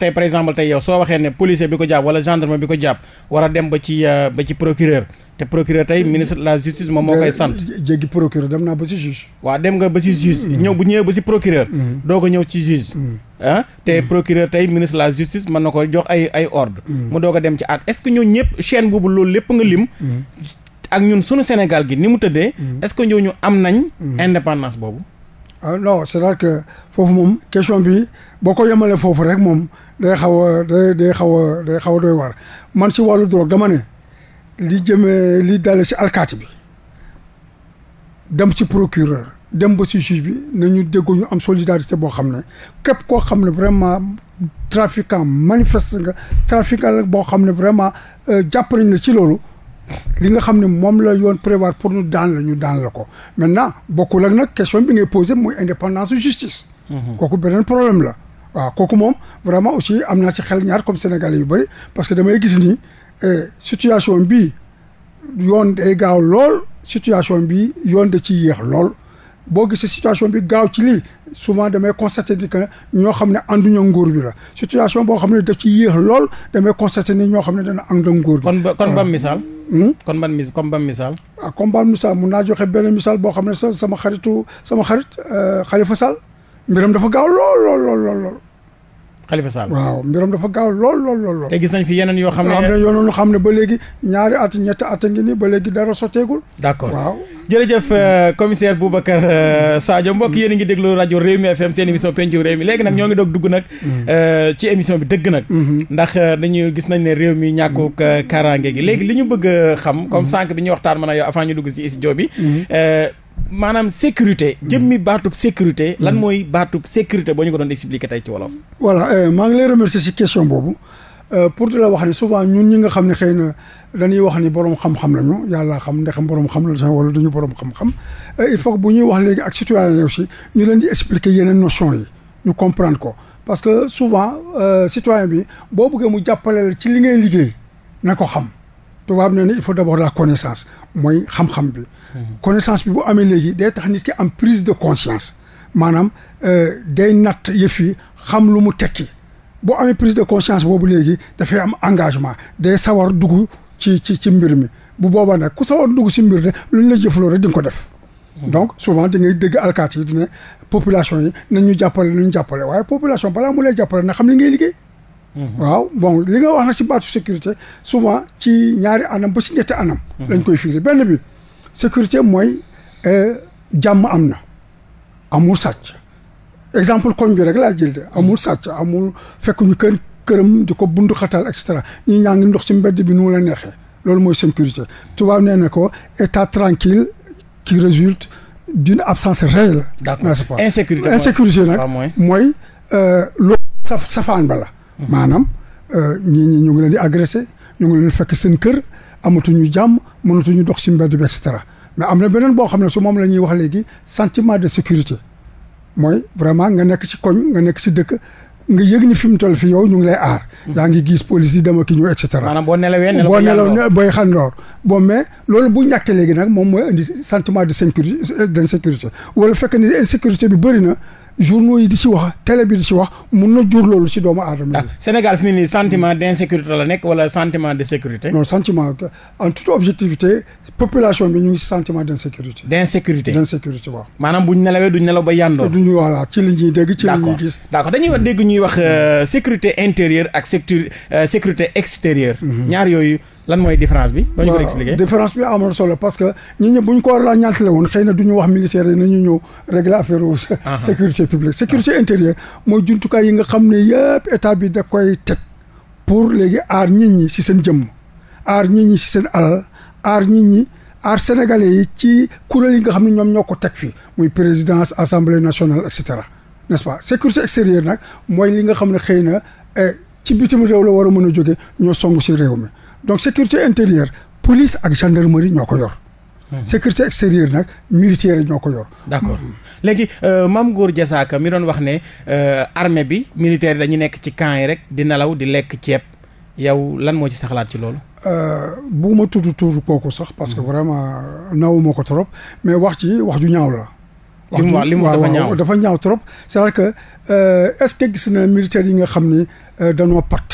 tey yow soo waxee ne policier bi ko jàpp wala gendarme bi ko jàpp war dem ba ci euh, ba ci procureur te procureur tey ministre la justice moom moo koy sant jéggi procureur dem naa ba si juge waaw dem nga ba si juge mm-hmm. ñëw bu ñëwee ba si procureur mm-hmm. doo ko ñëw ci juge mm-hmm. ah, tey ministre de la justice mën na ko jox ay ay ordre mu doog a dem ci at est-ce que ñoo ñëpp chaîne boobu loolu lépp nga lim ak ñun sunu Sénégal gi ni mu tëddee est-ce que ñooñu am nañ indépendance boobu ah non cest dire que day xaw a day day xaw a day xaw a doy waar man si wàllu drogue dama ne li jëmee li dale si alkaati bi dem si procureur dem ba si juge bi nañu déggoo ñu am solidarité boo xam ne képp koo xam ne vraiment trafiquant manifeste nga trafiquant la boo xam ne vraiment euh, jàpp nañ ne ci loolu li nga xam ne moom la yoon prévoir pour ñu daan la ñu daan la ko maintenant bokkul ak nag question bi ngay posé mooy indépendance justice mhm. kooku beneen problème la waaw kooku moom vraiment aussi am naa ci xel ñaar comme sénégalais yu bëri parce que damay gis ni eh, situation bi yoon day gaaw lool situation bi yoon de ci yéex lool boo gisee situation bi gaaw ci lii souvent damay constater ni ñoo xam ne ànduñu nguur bi la situation boo xam ne daf ci yéex lool damay constater ni ñoo xam ne dana ànd ak nguur bi. kon ba kon ban misaal. Hmm? kon ban mis kon ban misaal. ah kon ban misaal mun naa joxe beneen misaal boo xam ne sa sama xaritu sama xarit euh, Khalifa Sall. mbiram dafa gaaw lool lool lool lool lool. Khalifa dafa gaaw lool lool lool te gis nañ fi yeneen yoo xam ne yoo xam ne yoo xam ne ba léegi ñaari at ñett at a ngi nii ba léegi dara sotteegul. d'accord waaw. jërëjëf euh, commissaire Boubacar euh, Sadio mbokk yéen a ngi déglu rajo Rewmi FM seen émission pencu mi léegi nag ñoo ngi doog dugg nag mm-hmm. euh, ci émission bi dëgg nag mm-hmm. ndax dañu gis nañ ne réew mi ñàkkuk kaaraange gi léegi li ñu bëgg xam comme mm-hmm. sànq bi ñuy waxtaan mën a yow avant ñu dugg si studio bi maanaam sécurité. Hmm. jëmmi baatub sécurité. Hmm. lan mooy baatub sécurité boo ñu ko doon expliquer tey ci wolof. voilà euh, maa ngi lay remercier ci question boobu euh, pour di la wax ne souvent ñun ñi nga xam ne xëy na dañuy wax ni borom xam-xam lañu yàlla xam ndax borom xam la wala duñu borom xam-xam euh, il faut bu ñuy wax léegi ak citoyen yi aussi ñu leen di expliqué yeneen notion yi ñu comprendre ko parce que souvent citoyen bi boo buggee mu jàppale la ci li ngay liggéey na ko xam. tubaab nee na il faut d'abord la connaissance mooy xam-xam bi. Mhm. connaissance bi bu amee léegi day tax nit ki am prise de conscience maanaam euh, day natt yëf yi xam lu mu tekki boo amee prise de conscience boobu léegi dafay am engagement day sawar dugg ci ci ci mbir mi bu boobaa nag ku sawar dugg si mbir de lu ñu la jëfloo rek di ko def. Mhm. donc souvent da ngay dégg alkaati yi dina population yi nañ ñu jàppale nañ ñu jàppale waaye population balaa mu lay jàppale na xam li ngay liggéey. Mhm. waaw bon li nga wax nag si baatu sécurité souvent ci ñaari anam ba si ñetti anam. Mhm. lañ koy firi benn bi sécurité mooy euh, jàmm am na amul sàcc exemple koñ bi rek laa jël de amul mhm. sàcc amul fekk ñu kër këram di ko bundu xatal et cetera ñi ñaa ngi ndox si mbedd bi nu la neexee loolu mooy sécurité tubaab nee na ko état tranquille qui résulte d'une absence réelle. d'accord insécurité insécurité nag mooy. Euh, loolu safaan ba la. maanaam euh, ñii ñi ñu ngi leen di agressé ñu ngi leen fekk seen kër amatuñu jàmm mënatuñu dox si mbedd bi et cetera mais am na beneen boo xam ne su moom la ñuy wax léegi sentiment de sécurité mooy vraiment nga nekk si koñ nga nekk si dëkk nga yëg ni fi mu toll fi yow ñu ngi lay aar. Mm-hmm. yaa ngi gis police yi dem ak ñëw et cetera. maanaam boo nelawee boo nelaw booy xandoor boo mais loolu bu ñàkkee léegi nag moom mooy indi sentiment de sécurité d'insécurité wala fekk ni sécurité bi bëri na. journaux yi di si wax télé bi di si wax mun na jur loolu si doomu aadama yi. Ah, Sénégal fi mu nii santiment d' insécurité la nekk wala sentiment de sécurité. non sentiment en toute objectivité population bi ñu ngi si sentiment d' d' insécurité d' insécurité maanaam bu ñu nelawee du nelaw ba yàndoo. du ñu voilà ci li ñuy dégg ci li ñuy gis. d' accord dañuy wax ñuy wax euh, sécurité intérieure ak sécurité euh, sécurité extérieure. Mhm. ñaar yooyu. lan mooy différence bi. doo ñu ko expliquer différence bi amul solo parce que ñi ñëpp bu ñu ko la ñaatale woon xëy na du ñu wax militaire yi nañu ñëw régler affaire sécurité publique sécurité intérieure mooy jumtukaay yi nga xam ne yëpp état bi da koy teg pour léegi aar nit ñi si seen jëmm aar ñi ñi si seen alal aar nit ñi aar sénégalais yi ci kuréel yi nga xam ne ñoom ñoo ko teg fii muy présidence assemblée nationale et cetera nest pas sécurité extérieure nag mooy li nga xam ne xëy na eh, ci bitim réew la war a mën a jóge ñoo song si réew mi donc sécurité intérieure police ak gendarmerie ñoo ko yor. Hmm. sécurité extérieure nag militaire ñoo ko yor. d' accord léegi euh, Mame Gor Diazaka mi doon wax ne euh, armée bi militaire dañu nekk ci camp yi rek di nelaw di lekk ceeb yow lan moo ci saxlaat ci loolu. Euh, bu ma tudd tuur kooku sax parce que hmm. vraiment naw ko trop mais wax ci wax ju ñaaw la. li mu wax li mu dafa ñaaw dafa ñaaw trop. c' que est ce que gis na militaire yi nga xam ni dañoo pat.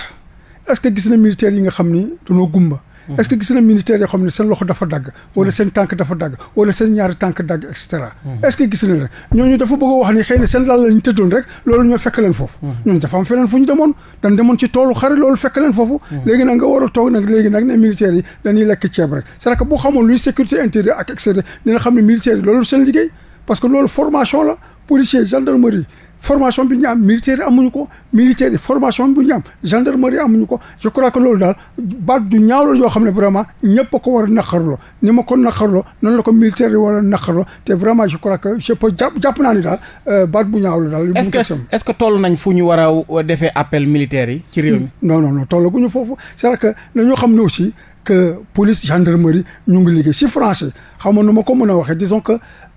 est-ce que gis na militaires yi nga xam ni dañoo gumba mhm. est-ce que gis na militaires yoo xam ne seen loxo dafa dagg mhm. wala seen tànk dafa dagg wala seen ñaari tànk dagg et cetera mhm. est-ce que gis na leen ñooñu dafa bëgg a wax ni xëy na seen lal la ñu tëddoon rek loolu ñoo fekk leen foofu ñooñu dafa am feneen fu ñu demoon dañ demoon ci toolu xare loolu fekk leen foofu léegi nag nga war a toog nag léegi nag ne militaires yi dañuy lekk ceeb rek c'est que boo xamoon luy sécurité intérieure ak extérieure dina xam ne militaires yi loolu seen liggéey parce que loolu formation la policier gendarmerie formation bi ñu am militaire amuñu ko militaire formation bi ñu am gendarmerie amuñu ko je crois que loolu daal baat du ñaaw la yoo xam ne vraiment ñëpp a ko war a naqarloo ni ma ko naqarloo noonu la ko militaire yi war a naqarloo te vraiment je crois que je peux jàpp jàpp naa ni daal euh, baat bu ñaaw la daal. est-ce que est-ce que toll nañ fu ñu war a defee appel militaire yi ci réew mi. Mm. non non non tollaguñu foofu c'est vrai que nañoo xam ne aussi que police gendarmerie ñu ngi liggéey si français xam nga nu ma ko mën a waxee disons que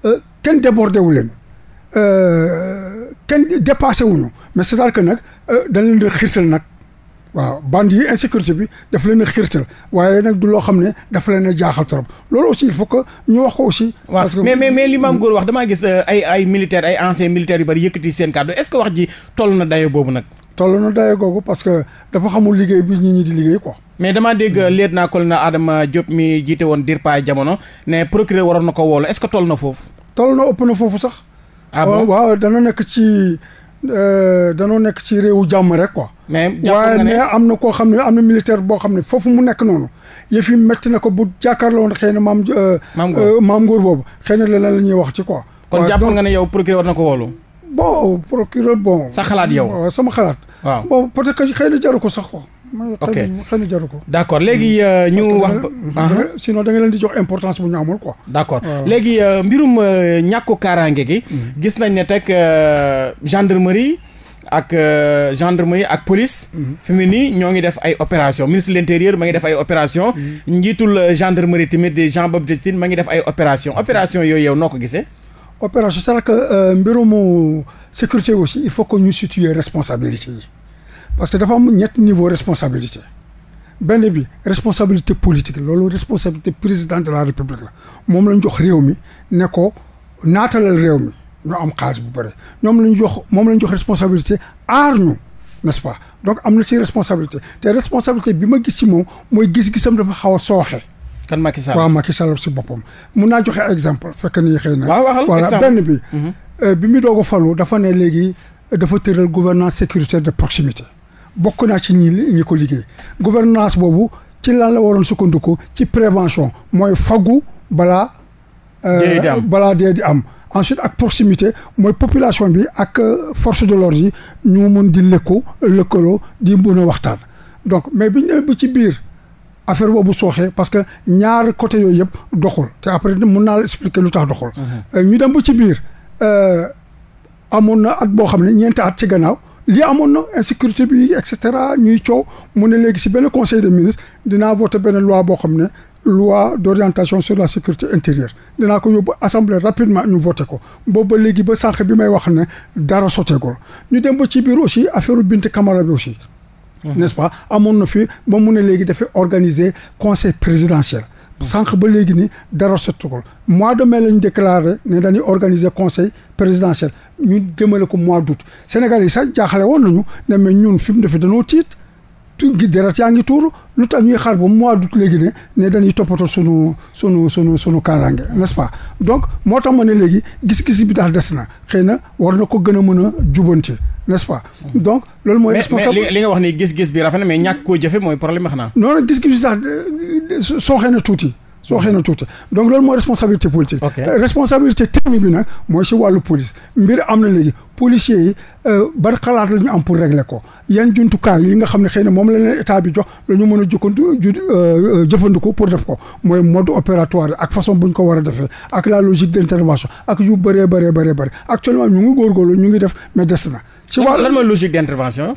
euh, kenn débordé wu leen. Euh, kenn dépassé wuñu mais c'est-à-dire que nag euh, dañ leen di xiirtal nag waaw bande insécurité bi daf leen a xiirtal waaye nag du loo xam ne dafa leen a jaaxal trop loolu aussi il faut ñu wax ko aussi. parce que mais mais mais li maam góor wax damaa gis euh, ay ay militaires ay anciens militaires yu bari yëkkati seen kàddu est-ce que wax ji toll na dayo boobu nag. toll na dayo googu parce que dafa xamul liggéey bi ñi ñi di liggéey ko mais damaa dégg euh, lieutenant-colonel Adama Diop mi jiite woon DIRPA jamono ne procureur waroon na ko woolu est-ce que toll na foofu. toll na foofu ah bon waaw dana nekk ci euh, danoo nekk ci réewu jàmm rek quoi. mais waaye mais am na koo xam ne am na militaire boo xam ne foofu mu nekk noonu yëf yi métti na ko bu jàkkaarloo woon xëy na maam. Euh, euh, maam Ngor boobu xëy na leneen la ñuy wax ci quoi. kon jàpp nga ne yow procureur war na ko woolu bon procureur bon. sax xalaat yow. sama xalaat. waaw bon peut-être xëy na jaru ko sax ko mooy xëy na xëy na jaru ko d' accord léegi euh, ñu wax sinon da nga leen di jox importance bu ñu amul quoi d' accord léegi euh, mbirum euh, ñàkku kaaraange gi mm-hmm. gis nañ ne teg gendarmerie ak gendarmerie ak police mm-hmm. fi nii ñoo ngi def ay opération ministre de l' ma ngi def ay opération mm-hmm. njiitul gendarmerie tamit di Jean Baptiste Tine ma ngi def ay opération opération yooyu yow noo ko gisee opération c'est-à-dire que mbirumu sécurité aussi il faut que ñu situer responsabilité yi parce que dafa ñetti niveau responsabilité benn bi responsabilité politique loolu responsabilité président de la république la moom lañ jox réew mi ne ko naatalal réew mi ñu am xaalis bu bëri ñoom lañ jox moom lañ jox responsabilité aar ñu n'est-ce pas donc am na si responsabilité te responsabilité bi ma gis si moom mooy gis-gisam dafa xaw a sooxe. kan Macky Sall waaw Macky Sall si boppam mun naa joxe exemple fekk ni xëy na. waaw waxal voilà benn bi. Mhm. Euh, bi mu doog a falu dafa ne léegi dafa tëral gouvernance sécurité de proximité. bokk naa ci ñi ñi ko liggéey gouvernance boobu ci lan la waroon sukkandiku ci prévention mooy faggu balaa euh, balaa dee di am ensuite ak proximité mooy population bi ak euh, force de l'ordre ñu mun di lëkku lëkkaloo di mun a waxtaan donc mais biñ ne bi ci biir affaire boobu sooxee parce que ñaar côté yooyu yëpp doxul te après mun naa la lu tax doxul mhm. euh, ñu dem ba ci biir euh, amoon na at boo xam ne ñeenti at ci gannaaw lii amoon na insécurité bi et cetera ñuy coow mu ne léegi si benn conseil de ministres dinaa voté benn loi boo xam ne loi d'orientation sur la sécurité intérieure dinaa ko yóbbu assemblée rapidement ñu voté ko boobu ba léegi ba sànq bi may wax ne dara sotteegul ñu dem ba ci biir aussi affaire Binta Camara bi aussi. Mhm. n'est-ce pas amoon na fi ba mu ne léegi dafay organiser conseil présidentiel. Mhm. sànq ba léegi ni dara sotteegul mois de mai la ñu déclaré ne dañuy organiser conseil présidentiel ñu jëmale ko mois d'août Sénégal yi sax jaaxale woon ñu ne mais ñun fi mu defe dañoo tiit ngi deret yaa ngi tuuru lu tax ñuy xaar ba mois d'août léegi ne ne dañuy toppatoo sunu sunu sunu sunu kaaraange n'est-ce pas donc moo tax ma ne léegi gis-gis bi daal des na xëy na war na ko gën a mën a jubanti n'est-ce pas donc loolu mooy responsable mais li wax ni gis bi rafet na ñàkk koo jëfe mooy problème wax naa noonu gis-gis bi sax euh, sooxee na tuuti soo xëy na tuuti donc loolu mooy responsabilité politique. Euh, responsabilité technique bi nag mooy si wàllu police mbir am na léegi policiers yi euh, ban xalaat la ñu am pour régler ko yan jumtukaay yi nga xam ne xëy na moom la leen état bi jox la ñu mën a jukkandu euh, jëfandiku pour def ko mooy mode opératoire ak façon bu ñu ko war a defee ak la logique d' intervention ak yu bëree bëree bëree bëri actuellement ñu ngi góorgóorlu ñu ngi def mais des na. ci wàllu lan mooy logique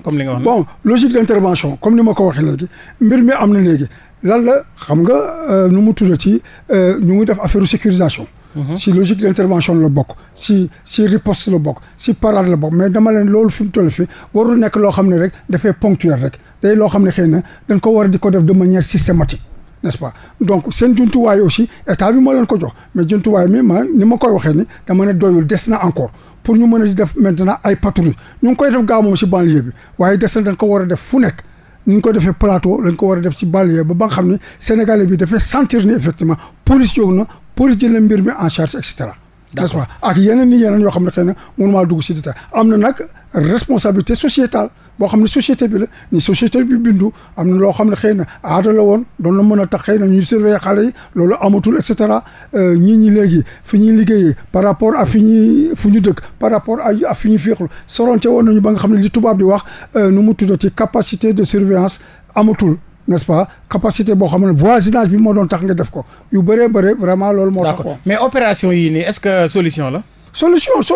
comme li nga wax. bon logique d' intervention comme ni ma ko waxee léegi mbir mi am na léegi. lan la xam nga euh, nu mu tudd ci euh, ñu ngi def affaire sécurisation. si mhm. logique d' intervention la bokk si si riposte la bokk si parade la bokk mais dama leen loolu fi mu toll fi warul nekk loo xam ne rek dafay ponctuel rek day loo xam ne xëy na dañ ko a di def de manière systématique n' est ce pas donc seen jumtuwaay aussi état bi moo leen ko jox mais jumtuwaay mi ma ni ma koy waxee ni dama ne doyul des na encore pour ñu mën a def maintenant ay patrouille ñu ngi koy def gaaw si banlieue bi waaye des na dañ ko war a def fu nekk ñu ngi ko defee plateau lañ ko war a def ci banlieue ba ba nga xam ne sénégalais bi dafay sentir ni effectivement police yow na police jël na mbir mi en charge et cetera n'est-ce pas ak yeneen ni yeneen yoo xam ne xëy na mënumaa dugg si am na nag responsabilité sociétale boo xam ne société bi la ñu société bi bindu am na loo xam ne xëy na aada la woon doon na mën a tax xëy na ñuy surveiller xale yi loolu amatul et cetera euh, ñii ñi léegi fi ñuy liggéeyee par rapport a fi ñuy fu ñu dëkk par rapport à fi ñuy féexlu soronte woon nañu ba nga xam ne li tubaab di wax euh, nu mutu tuddati capacité de surveillance amatul nest pas capacité boo xam ne voisinage bi moo doon tax nga def ko yu bëree bëri vraiment loolu moo tax ko mais opération yi nii est-ce que solution la solution so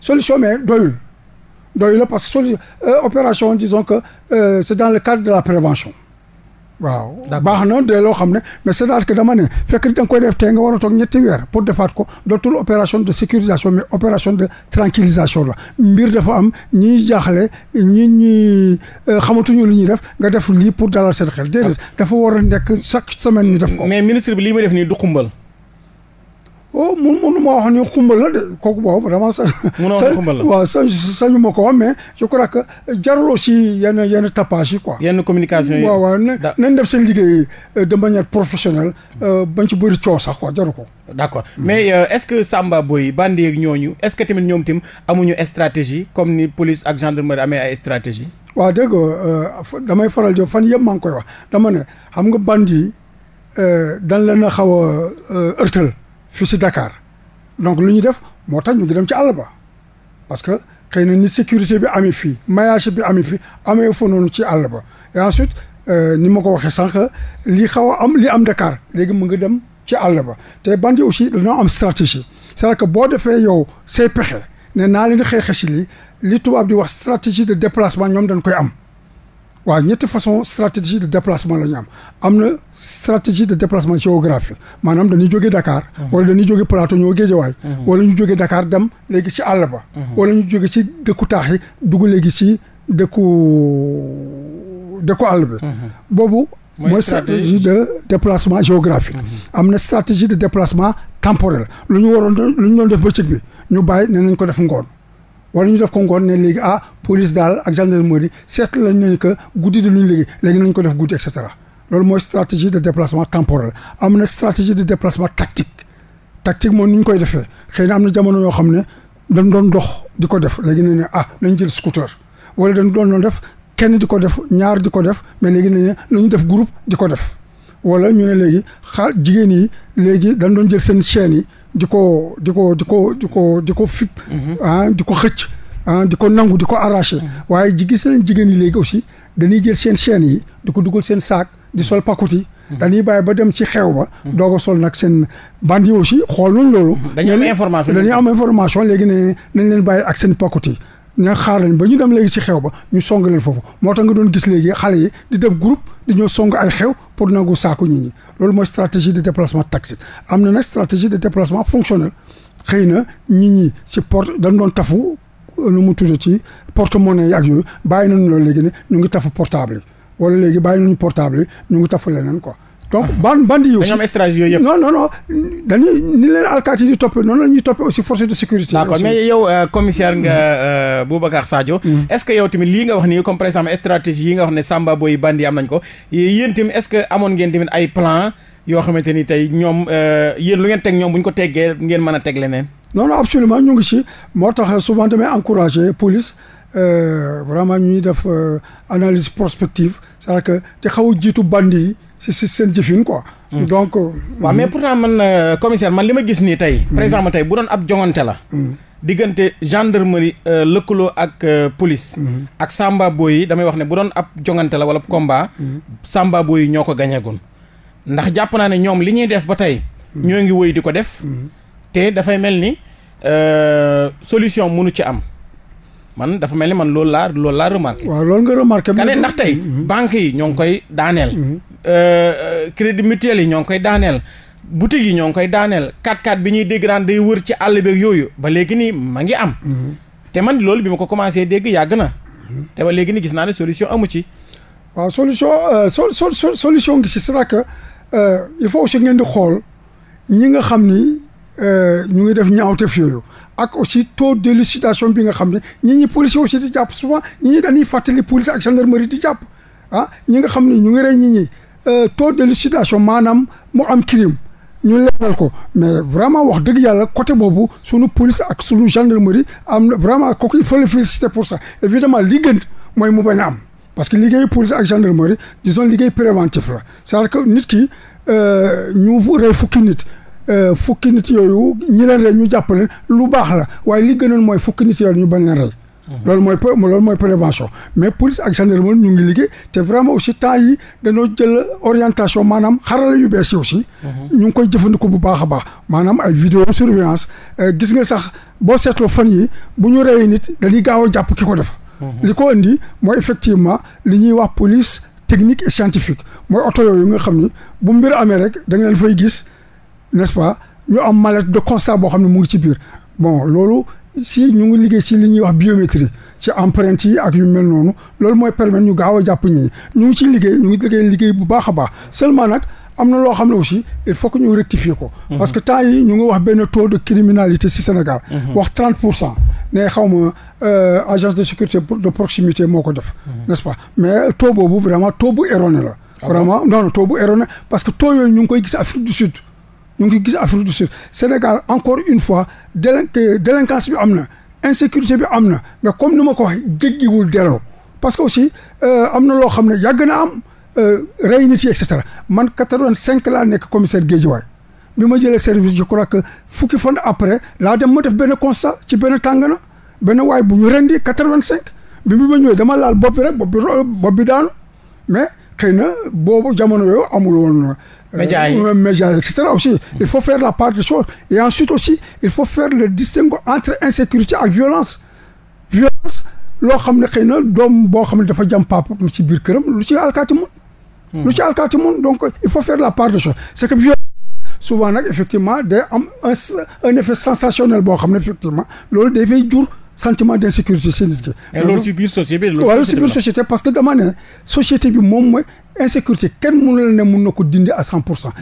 solution mais doyul doy la parce que solution euh, opération disons que euh, c' dans le cadre de la prévention. waaw baax na de loo xam ne mais c'est-à-dire que dama ne fekk da nga koy def tey nga war a toog weer pour defaat ko dootul opération de sécurisation mais opération de tranquillisation la mbir dafa am ñi jaaxle ñi ñi euh, xamatuñu lu ñuy def nga def lii pour dalal seen xel déedéet dafa war a nekk chaque semaine ñu def ko mais ministre bi lii ma def nii du xumbal oh mun mun ma wax ni xumbal la de kooku boobu vraiment. mun naa wax xumbal la waaw sañ ma ko mais je crois que jarul aussi yenn yenn tapage yi yenn communication yi waaw waaw nañ def seen liggéey euh, de manière professionnelle euh, bañ ci bëri coow sax quoi jaru ko. d' accord mais euh, est ce que Samba Boy bandi yeeg ñooñu est ce que tamit ñoom tim amuñu stratégie comme ni police ak gendarmerie amee ay stratégie. waaw dégg damay faral di fan yëpp maa ngi koy wax dama ne xam nga bandi dan leen a xaw a ërtal. fii si dakaar donc lu ñu def moo tax ñu ngi dem ci àll ba parce que xëy na ni sécurité bi amee fii maillage bi amee fi amee fa noonu ci àll ba et ensuite euh, ni ma ko waxee sànq li xaw a am li am Dakar léegi mu ngi dem ci àll ba te bandi aussi dañoo am stratégie cest à que boo defee yow say pexe ne naa leen di xeexe si lii li tubaab di wax stratégie de déplacement ñoom dañ koy am waaw ñetti façon stratégie de déplacement la ñu am am na stratégie de déplacement géographique maanaam dañuy jóge Dakar mhm. wala dañuy jóge Plateau ñoo Géejawaay mhm. wala ñu jóge Dakar dem léegi ci àll ba mhm. wala ñu jóge ci dëkku taax yi dugg léegi ci dëkku dëkku àll bi boobu mooy stratégie de déplacement géographique am na stratégie de déplacement temporel lu ñu waroon lu ñu doon def bëccëg bi ñu bàyyi ne nañ ko def ngoon wala ñu def ko ngoon ne léegi ah police daal ak gendarmerie seetlu lañ leen que guddi di luñ léegi léegi nañ ko def guddi et loolu mooy stratégie de déplacement temporel am na stratégie de déplacement tactique tactique mooy nu ñu koy defee xëy na am na jamono yoo xam ne dañ doon dox di ko def léegi ne ne ah nañ jël scooter wala dañ doon doon def kenn di ko def ñaar di ko def mais léegi ne ne nañu def groupe di ko def wala ñu ne léegi xaar jigéen yi léegi dañ doon jël seen chaîne yi di ko di ko di ko di ko di ko fipp ah di ko xëcc ah di ko nangu di ko arraché waaye ji gis nañ jigéen yi léegi aussi dañuy jël seen chaîne yi di ko dugal seen saak di sol pakuti dañuy bàyyi ba dem ci xew ba doog a sol nag seen bandi aussi xool nañ loolu dañuy am information léegi ne nañ leen bàyyi ak seen pakuti nga xaar lañ ba ñu dem léegi si xew ba ñu song leen foofu moo tax nga doon gis léegi xale yi di def groupe di ñoo song ay xew pour nangu saaku nit ñi loolu mooy stratégie de déplacement tactique am na nag stratégie de déplacement fonctionnel xëy na nit ñi si porte dañ doon tafu lu mu tudd ci porte-monnaie yi ak yooyu bàyyi nañu loolu léegi ne ñu ngi tafu portable yi wala léegi bàyyi nañu portable yi ñu ngi tafu leneen quoi donc ban bandi yi aussi dañoo am stratégie yooyu yëpp non non non dañuy ni leen alkaati yi toppee noonu la ñuy toppee aussi force de sécurité. d'accord mais yow euh, commissaire nga mm-hmm. euh, Boubacar Sadio. Mm-hmm. est que yow tamit lii nga wax ni comme par exemple stratégie yi nga wax ne Samba Boy bandi am nañ ko yéen tamit est-ce que amoon ngeen tamit ay plan yoo xamante ni tey ñoom euh, yéen lu ngeen teg ñoom bu ñu ko teggee ngeen mën a teg leneen. non non absolument ñu ngi ci moo tax souvent damay encourager police. vraiment ñuy def analyse prospective cest te xaw jiitu bandi yi si si seen jëfin ko hmm. donc. Euh, waaw mais hmm. pourtant man euh, commissaire man li ma gis nii tey. Hmm. par ma tey bu doon ab joŋante la. diggante gendarmerie euh, lëkkaloo ak police. ak samba boy yi damay wax ne bu doon ab joŋante la wala combat. samba boy yi ñoo ko gañeegoon ndax jàpp naa ne ñoom li ñuy def ba tey. ñoo ngi wéy di ko def. te dafay mel ni solution mënu ci am. man dafa mel ni man loolu laa loolu laa remarqué. waaw loolu nga remarqué. ka ne tey mm-hmm. banques yi ñoo ngi koy daaneel. Mm-hmm. Euh, euh, crédit mutuel yi ñoo ngi koy daaneel. boutique yi ñoo ngi koy daaneel 4-4 bi ñuy dégg naan day wër ci àll beeg yooyu ba léegi nii ma ngi am. Mm-hmm. te man loolu bi ma ko commencé dégg yàgg na. te ba léegi nii gis naa ne solution amu ci. waaw solution euh, sol solution ngi si c'est que il faut si ngeen di xool ñi nga xam ni Euh, ñu ngi def ñaawteef yooyu ak aussi taux d'élucidation bi nga xam ne ñi ñi policier aussi di jàpp souvent ñi ñi dañuy fàttali police ak gendarmerie di jàpp ah ñi nga xam ne ñu ngi rey ñi ñi euh, taux d'élucidation maanaam mu am crime ñu leeral ko mais vraiment wax dëgg yàlla côté boobu sunu police ak sunu gendarmerie am vraiment kooku il faut le féliciter pour ça évidemment li gën mooy mu bañ a am parce que liggéey police ak gendarmerie disons liggéey préventif la c'est-à-dire que nit ki euh, ñu rey fukki nit Euh, fukki nit yooyu ñi leen rey ñu jàpp leen lu baax la waaye li gënoon mooy fukki nit yooyu ñu bañ leen rey. Mhm. loolu mooy loolu mooy prévention mais police ak gendarmerie ñu ngi liggéey te vraiment aussi temps yi dañoo jël orientation maanaam xarala yu bees si aussi. Mhm. ñu ngi koy jëfandikoo bu baax a baax maanaam ay vidéo surveillance euh, gis nga sax boo seetoo fan yi bu ñu reyee nit dañuy gaaw jàpp ki ko def. Mhm. li ko indi mooy effectivement li ñuy wax police technique et scientifique mooy nga xam ni bu mbir amee rek da nga leen fay gis. n'est-ce pas ñu am mallette de constat boo xam ne mu ngi ci biir bon loolu si ñu ngi liggéey si li ñuy wax biométrie ci empreinte yi ak yu mel noonu loolu mooy permettre ñu gaaw a jàpp ñi ñu ngi ci liggéey ñu ngi liggéey liggéey bu baax a baax seulement nag am na loo xam ne aussi il faut que ñu rectifier ko. Mhm. parce que temps ñu ngi wax benn taux de criminalité si Sénégal. Mhm. wax 30 pour cent ne xaw ma euh, agence de sécurité de proximité moo ko def. Mhm. n'est-ce pas mais taux boobu vraiment taux bu erroné la. Ah vraiment non non ñu ngi gis Afrique du Sud Sénégal encore une fois délin délinquance bi am na insécurité bi am na mais comme ni ma ko waxee jéggiwul delloo parce que aussi euh, am na loo xam ne yàgg na am euh, rey nit yi et cetera man 85 laa nekk commissaire Guédiawaye bi ma jëlee service je crois que fukki fan après laa dem ma def benn constat ci benn tàngana benn waay bu ñu rendi 85 bi bi ma ñëwee dama laal bopp rek bopp bi bopp bi daanu mais xëy na boobu jamono yooyu amul woon Euh, médias yi médias et cetera aussi il faut faire la part des choses et ensuite aussi il faut faire le distinguo entre insécurité ak violence violence loo xam ne xëy na doom boo xam ne dafa jam papam ci biir këram lu ci alkaati mun hmm. lu ci alkaati mun donc il faut faire la part des choses c'est que violence souvent nag effectivement day am un effet sensationnel boo xam ne effectivement loolu de fay jur sentiment d' insécurité si nit ki. loolu ci biir société bi loolu ci biir société parce que dama ne société bi moom mooy insécurité kenn mënu la ne mun na ko dindi à cent pour cent.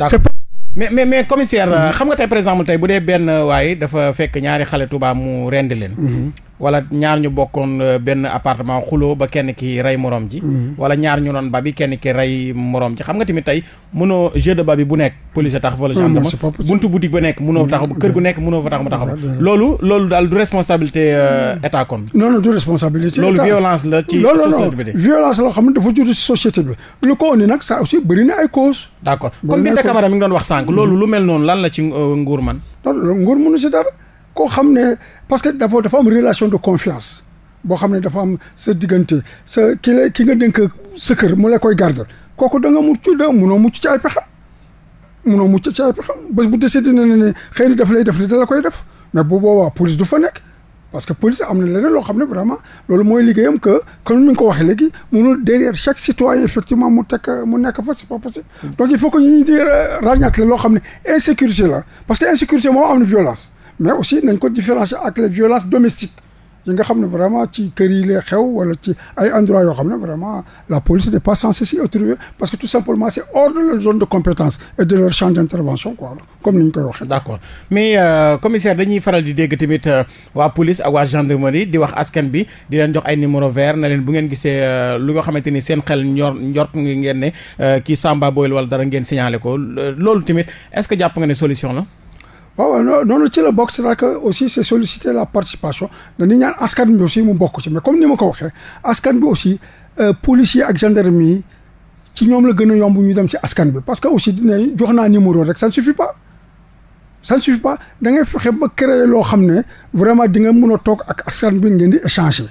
mais mais mais commissaire mhm. xam nga tey par exemple tey bu dee benn waaye dafa fekk ñaari xale tubaab mu rend leen. Mhm. wala ñaar ñu bokkoon euh, benn appartement xuloo ba kenn ki rey moroom ji mm-hmm. wala ñaar ñu doon babi kenn ki rey morom ji xam nga tamit tey mënoo jeu de babi bu nekk police tax wala mm-hmm. gendarme buntu boutique ba nekk mënoo mm-hmm. taxaw kër nekk mënoo fa loolu loolu daal du responsabilité euh, état kon non non du responsabilité loolu violence la ci société bi de violence la xam ne dafa jur lu ko indi nag ça aussi bëri na ay cause d' comme Binta Camara mi ngi doon wax sànq loolu lu mel noonu lan la ci euh, nguur man loolu nguur mënu si dara koo xam ne parce que d'abord dafa am relation de confiance boo xam ne dafa am sa diggante sa ki la ki nga dénk sa mu la koy garder kooku da nga mucc da munoo mucc ci ay pexe munoo mucc ci ay pexe bés bu décidé ne xëy na daf lay def li da la koy def mais bu boobaa police du fa nekk parce que police am na leneen loo xam ne vraiment loolu mooy liggéeyam que comme ni nga ko waxee léegi munul derrière chaque citoyen effectivement mu tekk mu nekk fa c'est pas possible donc il faut que ñu di euh, ràññaat la loo xam ne insécurité la parce que insécurité moom am mais aussi nañ ko différencier ak les violences domestiques yi nga xam ne vraiment ci kër yi lay xew wala ci ay endroits yoo xam ne vraiment la police n'est pas censée s'y retrouver parce que tout simplement c'est hors de leur zone de compétence et de leur champ d'intervention quoi comme ni ñu koy waxee. d'accord mais euh, commissaire dañuy faral di dégg tamit euh, waa police ak waa gendarmerie di wax askan bi di leen jox ay numéro vert na leen bu ngeen gisee euh, lu nga xamante ni seen xel ñor njort ngeen ne euh, kii Samba Boyel wala dara ngeen signalé ko loolu tamit est-ce que jàpp nga ne solution la. waaw waaw noonu ci la bokk si à aussi c'est solliciter la participation dañuy ñaan askan bi aussi mu bokk ci mais comme ni ma ko waxee askan bi aussi euh, policier ak gendarme yi ci ñoom la gën a yomb ñu dem ci askan bi parce que aussi dinañ jox naa numéro rek ça ne suffit pas ça ne suffit pas da ngay fexe ba créer loo xam ne vraiment di nga mën a toog ak askan bi ngeen di échanger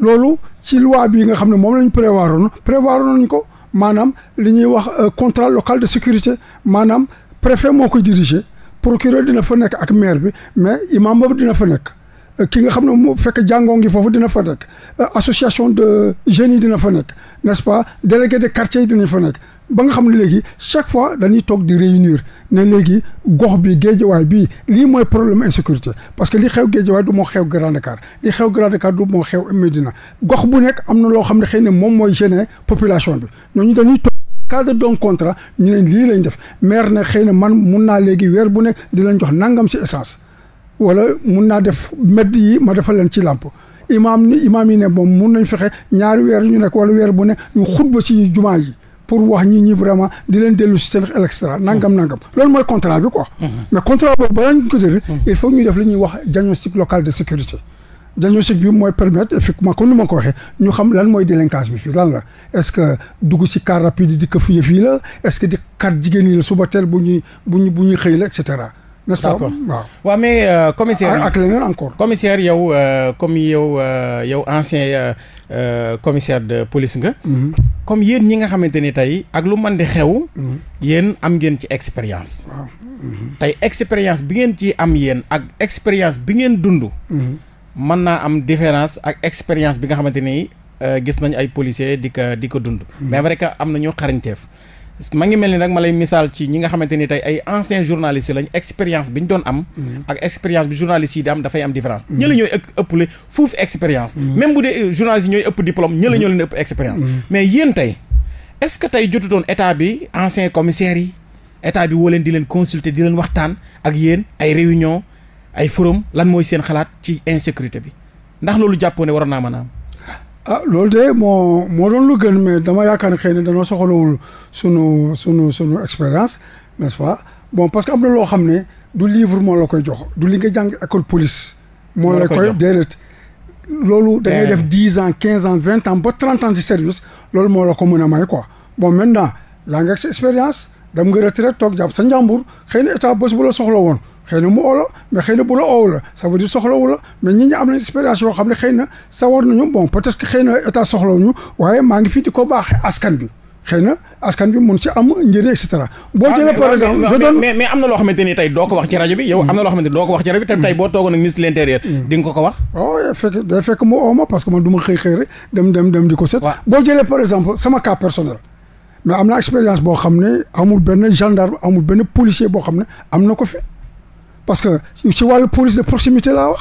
loolu ci loi bi nga xam ne moom la ñu prévoir woon prévoir ñu ko maanaam li ñuy wax euh, contrat local sécurité maanaam préfet moo koy diriger. procureur dina fa nekk ak maire bi mais imam boobu dina fa nekk ki nga xam ne mu fekk jàngoo ngi foofu dina fa nekk association de jeunes yi dina fa nekk n'est-ce pas délégué de quartier yi dinañ fa nekk ba nga xam ne léegi chaque fois dañuy toog di réunir ne léegi gox bi géejawaay bii lii mooy problème insécurité parce que lii xew géejawaay du moo xew Grand Dakar li xew Grand Dakar du moo xew Médina gox bu nekk am na loo xam ne xëy ne moom mooy gêner population bi cadre d'un contrat ñu ne lii lañ def maire ne xëy na man mun naa léegi weer bu nekk di leen jox nangam si essance wala mun naa def mbedd yi ma defal leen ci làmp imaam imaam yi ne moom mun nañ fexe ñaari weer ñu nekk wala weer bu nekk ñu xutba si jumaa yi pour wax ñi ñi vraiment di leen dellu si seen extra nangam nangam loolu mooy contrat bi quoi mm-hmm. mais contrat boobu balaa ñu ko mm-hmm. il faut ñu def li ñuy wax diagnostic local de sécurité diagnostic bi mooy permettre effectivement comme ni ma ko waxee ñu xam lan mooy délinquance bi fii lan la est-ce que dugg ci car rapide di dikk fii fii la est-ce que di car jigéen ñi la suba teel bu ñuy bu ñuy bu ñuy xëy la et cetera. n'est-ce pas waaw waaw mais euh, commissaire ah, ak encore commissaire yow euh, comme yow euh, yow ancien euh, euh, commissaire de police nga mm -hmm. comme yéen ñi nga xamante ni tey ak lu man di xew mm am ngeen ci expérience mm-hmm. tey expérience bi ngeen ci am yéen ak expérience bi ngeen dund mm-hmm. mën naa am différence ak expérience bi nga xamante ni euh, gis nañu ay policiers di ko di ko dund. Hmm. mais vrai que am na ñu xarañteef. ma ngi mel ni nag ma lay misaal ci ñi nga xamante ni tey ay anciens journalistes lañ expérience bi ñu doon am. Hmm. ak expérience bi journalistes yi di am dafay am différence. Hmm. ñële ñooy ëpple fuuf expérience. même bu dee journalistes ñooy ëpp diplôme ñële ñoo leen ëpp expérience. mais yéen tey est-ce que tey jotutoon état bi anciens commissaires yi état bi woo leen di leen consulter di leen waxtaan ak yéen ay réunion ay forum lan mooy seen xalaat ci insécurité bi ndax loolu jàppoo ne waroon naa mën a am. ah loolu de moo moo doon lu gën mais dama yaakaar ne xëy na danoo soxlawul sunu sunu sunu expérience n'est-ce pas bon parce que am na loo xam ne du livre moo la koy joxo du li nga jàng école police. moo la koy déedéet loolu da ngay def dix ans quinze ans vingt ans ba trente ans ci service loolu moo la ko mën a may quoi bon maintenant laa nga sa expérience dem nga retraite toog jàpp sa njàmbur xëy na état bés bu la soxla woon. xëy na mu oo la mais xëy na bu la oow la ça veut la ñu am na yoo xam ne xëy na sawar nañu bon peut être xëy na état soxlawu ñu waaye maa ngi fii di ko baax askan bi xëy na askan bi mun ci am njëriñ et boo ah, jëlee par exemple je donne mais mais am na loo xamante ni tey doo ko wax rajo bi. yow am na loo xamante ni doo ko wax ci rajo bi. Hmm. Oh, mu oo que ma xëy xëy rek dem dem dem di ko set. boo jëlee par exemple sama am na expérience boo xam ne amul benn gendarme amul benn policier boo xam ne am na ko fi. parce que ci wàllu police de proximité laa wax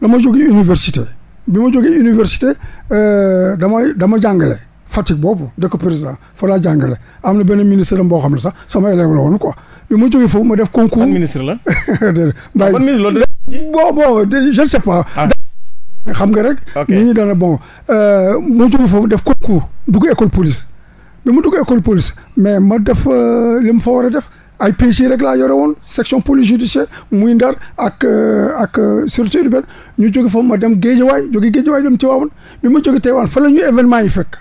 dama jóge université bi ma jógee université euh, dama dama jàngale Fatick boobu dëkk président fa laa jàngale am na benn ministre boo xam ne sax sama élève la woon quoi bi ma jógee foofu ma def concours. ban ministre la. (laughs) déedéet Mbaye ban ministre loolu bon bon je ah. xam nga rek. ok nit ñi daan bon euh, ma jógee def concours dugg école police bi ma dugg école police mais ma def euh, li mu fa war a def. ay PJ rek laa yore woon section police judiciaire muy ndar ak euh, ak euh, sûreté urbaine ñu jóge foofu ma dem géejawaay jóge géejawaay dem Tiwaawan bi ma jóge Tiwaawan fa la ñu événement yi fekk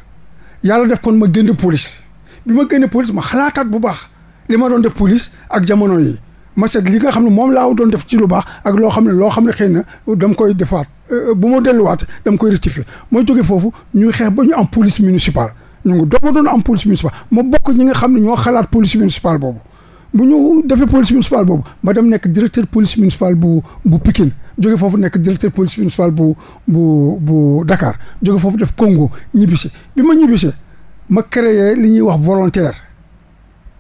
yàlla def ma génn police bi ma génn police ma xalaataat bu baax li ma doon def police ak jamono yi ma seet li nga xam ne moom laa doon def ci lu baax ak loo xam ne loo xam ne xëy na dama koy defaat euh, bu ma delluwaat dama koy rectifier moo jóge foofu ñu xeex ba ñu am police municipale ñu ngi doog a doon am police municipale ma bokk ñi nga xam ne ñoo xalaat police municipale boobu bu ñu defee police municipale boobu ma dem nekk directeur police municipale bu bu Pikine jóge foofu nekk directeur police municipale bu bu bu Dakar jóge foofu def ñibbi si bi ma ñibbisi ma créé li ñuy wax volontaire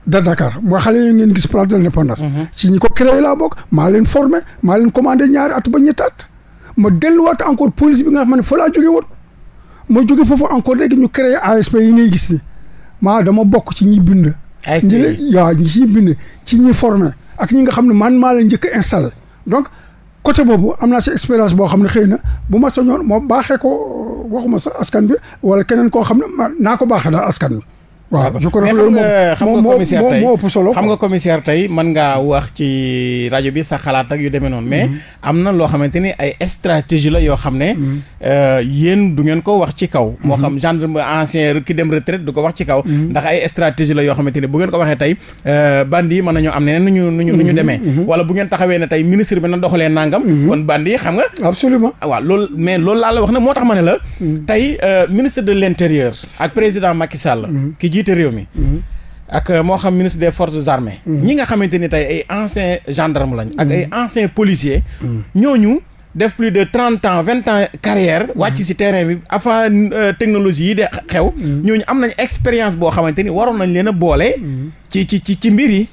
de Dakar mooy xale ngeen gis place de mhm. ko créé laa bokk maa leen formé maa leen commandé ñaari at ba ñetti at ma delluwaat encore police bi nga xam ne fa laa jóge woon ma jóge foofu encore léegi ñu créé ASP yi ngay gis ni maa dama bokk si ñi bind ñi waaw ñi ciy bind ci ñi formé ak ñi nga xam ne man maa la njëkk a installé donc côté boobu am naa si expérience boo xam ne xëy na bu ma sañoon moom baaxee ko waxuma sa askan bi wala keneen koo xam ne naa ko baaxee daal askan bi waaw je crois loolu moom commissaire moo ëpp solo xam nga commissaire tey man ngaa wax ci rajo bi sa xalaat ak yu demee noonu mais mm-hmm. am na loo xamante ni ay stratégie la yoo xam ne mm-hmm. euh, yéen du ngeen ko wax ci kaw moo mm-hmm. xam gendarme ancien ki dem retraite du ko wax ci kaw ndax ay stratégie la yoo xamante ni bu ngeen ko waxee tey euh, bandi yi mën nañoo am ne nuñu nuñu nu ñu demee wala bu ngeen taxawee ne tey ministre bi na doxalee nangam kon bandi yi nga absolument ah, waaw mais loolu laa la wax ne moo tax ma ne la tey euh, ministre de l'intérieur ak président Macky Sall ki jiite réew mi. Mhm. ak euh, moo xam ministre des force armées. Mhm. ñi nga xamante ni tey ay anciens gendarmes lañ. ak ay mhm. anciens policiers. ñooñu def plus de trente ans vingt ans carrière wàcc si terrain bi avant euh, technologie yi de xew. ñooñu am nañ expérience boo xamante ni waroon nañ leen a boole. ci ci ci ci mbir yi.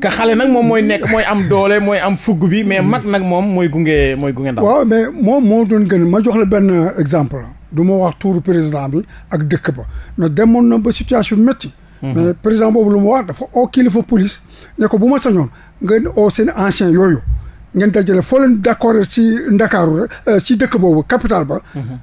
ka xale nag moom mooy nekk mooy am doole mooy am fugg bi mais mat nag moom mooy gunge mooy gunge ndaw. waaw mais moom moo doon gën ma jox la benn exemple du ma wax tuuru président bi ak dëkk ba dem demoon na ba situation métti. Mhm. mais président boobu lu ma wax dafa oo kilifa police ne ko bu ma sañoon ngeen oo seen ancien yooyu ngeen dajale foo leen d'accord si Ndakaaru rek si euh, dëkk boobu capital ba. Mhm.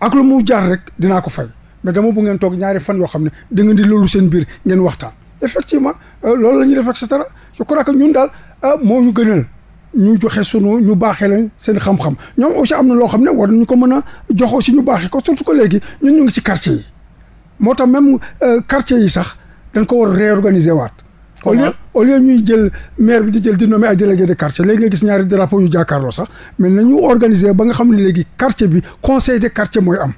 ak lu mu jaar rek dinaa ko fay mais dama bu ngeen toog fan yoo xam ne da ngeen di loolu seen biir ngeen waxtaan. effectivement euh, loolu la ñuy sa tara cetera je crois que ñun daal euh, moo ñu gënal ñu joxe sunu ñu baaxee leen seen xam-xam ñoom aussi am na loo xam ne war ñu ko mën a jox si ñu baaxee ko surtout ko léegi ñun ñu ngi si quartier yi moo tax même euh, quartier yi sax dañ ko war réorganiser waat. au lieu au ñuy jël maire bi di jël di nommer ay délégué de quartier léegi nga gis ñaari ñu yu jàkkaarloo sax na nañu organiser ba nga xam ne léegi quartier bi conseil de quartier mooy am.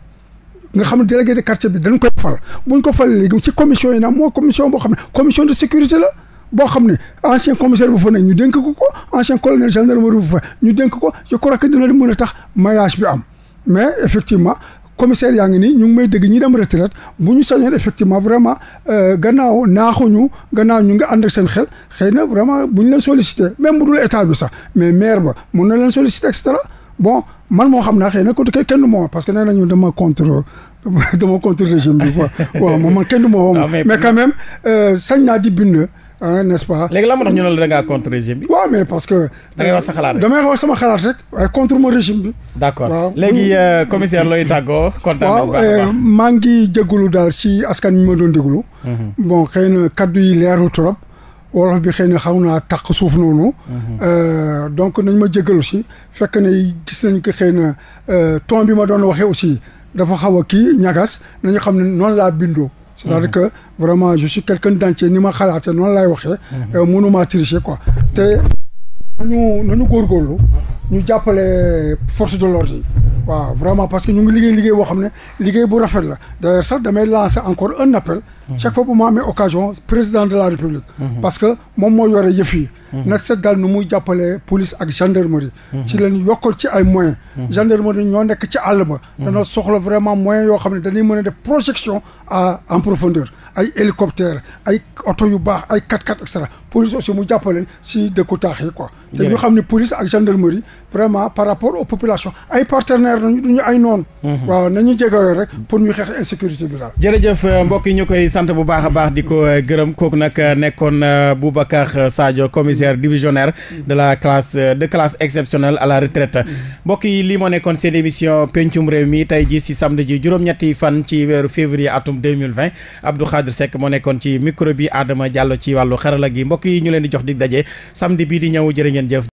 nga xam ne délégué de quartier bi dañ koy fal buñ ko fal léegi ci commission yi moo commission boo xam ne commission de sécurité la boo xam ne ancien commissaire bu fa ne ñu dénk ko ko ancien colonel gendarmerie bu fa ko je crois que a tax maillage bi am mais effectivement commissaire yaa ngi ni ñu ngi may dégg ñi dem retraite bu ñu sañoon effectivement vraiment euh, gannaaw naaxuñu gannaaw ñu ngi ànd ak seen xel xëy na vraiment bu ñu leen sollicité même bu dul état bi mais maire ba mu na leen sollicité et bon man moo xam naa xëy na kenn du ma wax parce que nee nañu dama contre (laughs) dama contre régime bi quoi (laughs) waaw man kenn du ma wax euh, léegi moo la da ngaa contre waaw mais parce que. da ngay wax sa xalaat xalaat rek waaye contre ma régime bi. d'accord waaw léegi euh, commissaire looy tàggoo. kontaan bu baax waaw euh, maa ngi jégalu daal ci askan wi ma doon déglu. Mhm. bon xëy na kaddu yi leeru trop. wolof bi xëy na xaw naa taq suuf noonu. Mhm. Euh, donc nañ ma jégal aussi fekk na gis nañ ko xëy na euh, ton bi ma doon waxee aussi dafa xaw a kii ñagas nañu xam ne noonu laa bindoo. c'est-à-dire mhm. que vraiment je suis quelqu'un d'entier ni ma xalaatee noonu laay waxee. Mhm. Euh, mënumaa tricher quoi te ñu nañu góorgóorlu ñu jàppale force de l'ordre yi waaw vraiment parce que ñu ngi liggéey liggéey boo xam ne liggéey bu rafet la d'ailleurs sax damay lancer encore un appel chaque fois bu ma amee occasion président de la république mhm. parce que moom moo yore yëf yi mhm. na seet daal nu muy jàppale police ak gendarmerie mhm. ci leen yokkal ci ay moyens gendarmerie ñoo nekk ci àll ba dana soxla vraiment moyens yoo xam ne dañuy mën a def projection à en profondeur ay hélicoptère ay oto yu baax ay 4x4 police aussi mu jàppale jàppaleen si dëkku taax yi quoi te ñu xam ne police ak gendarmerie vraiment par rapport aux populations ay partenaires nañu duñu ay noon mhm. waaw nañu jegeyoo rek pour ñu xeex insécurité bi daal jërëjëf euh, mbokk yi ñu koy sant bu baax a baax di ko euh, gërëm kooku nag euh, nekkoon Boubacar Sadio commissaire divisionnaire de la classe de classe exceptionnelle à la retraite mbokk yi lii moo nekkoon seen émission pencum réew mi tey ji si samedi ji juróom-ñetti fan ci weeru février atum 2020 Abdou Khadre Seck moo nekkoon ci micro bi Adama Diallo ci wàllu xarala gi mbokk mbokk yi ñu leen di jox dig daje samedi bii di ñëw jërë ngeen jëf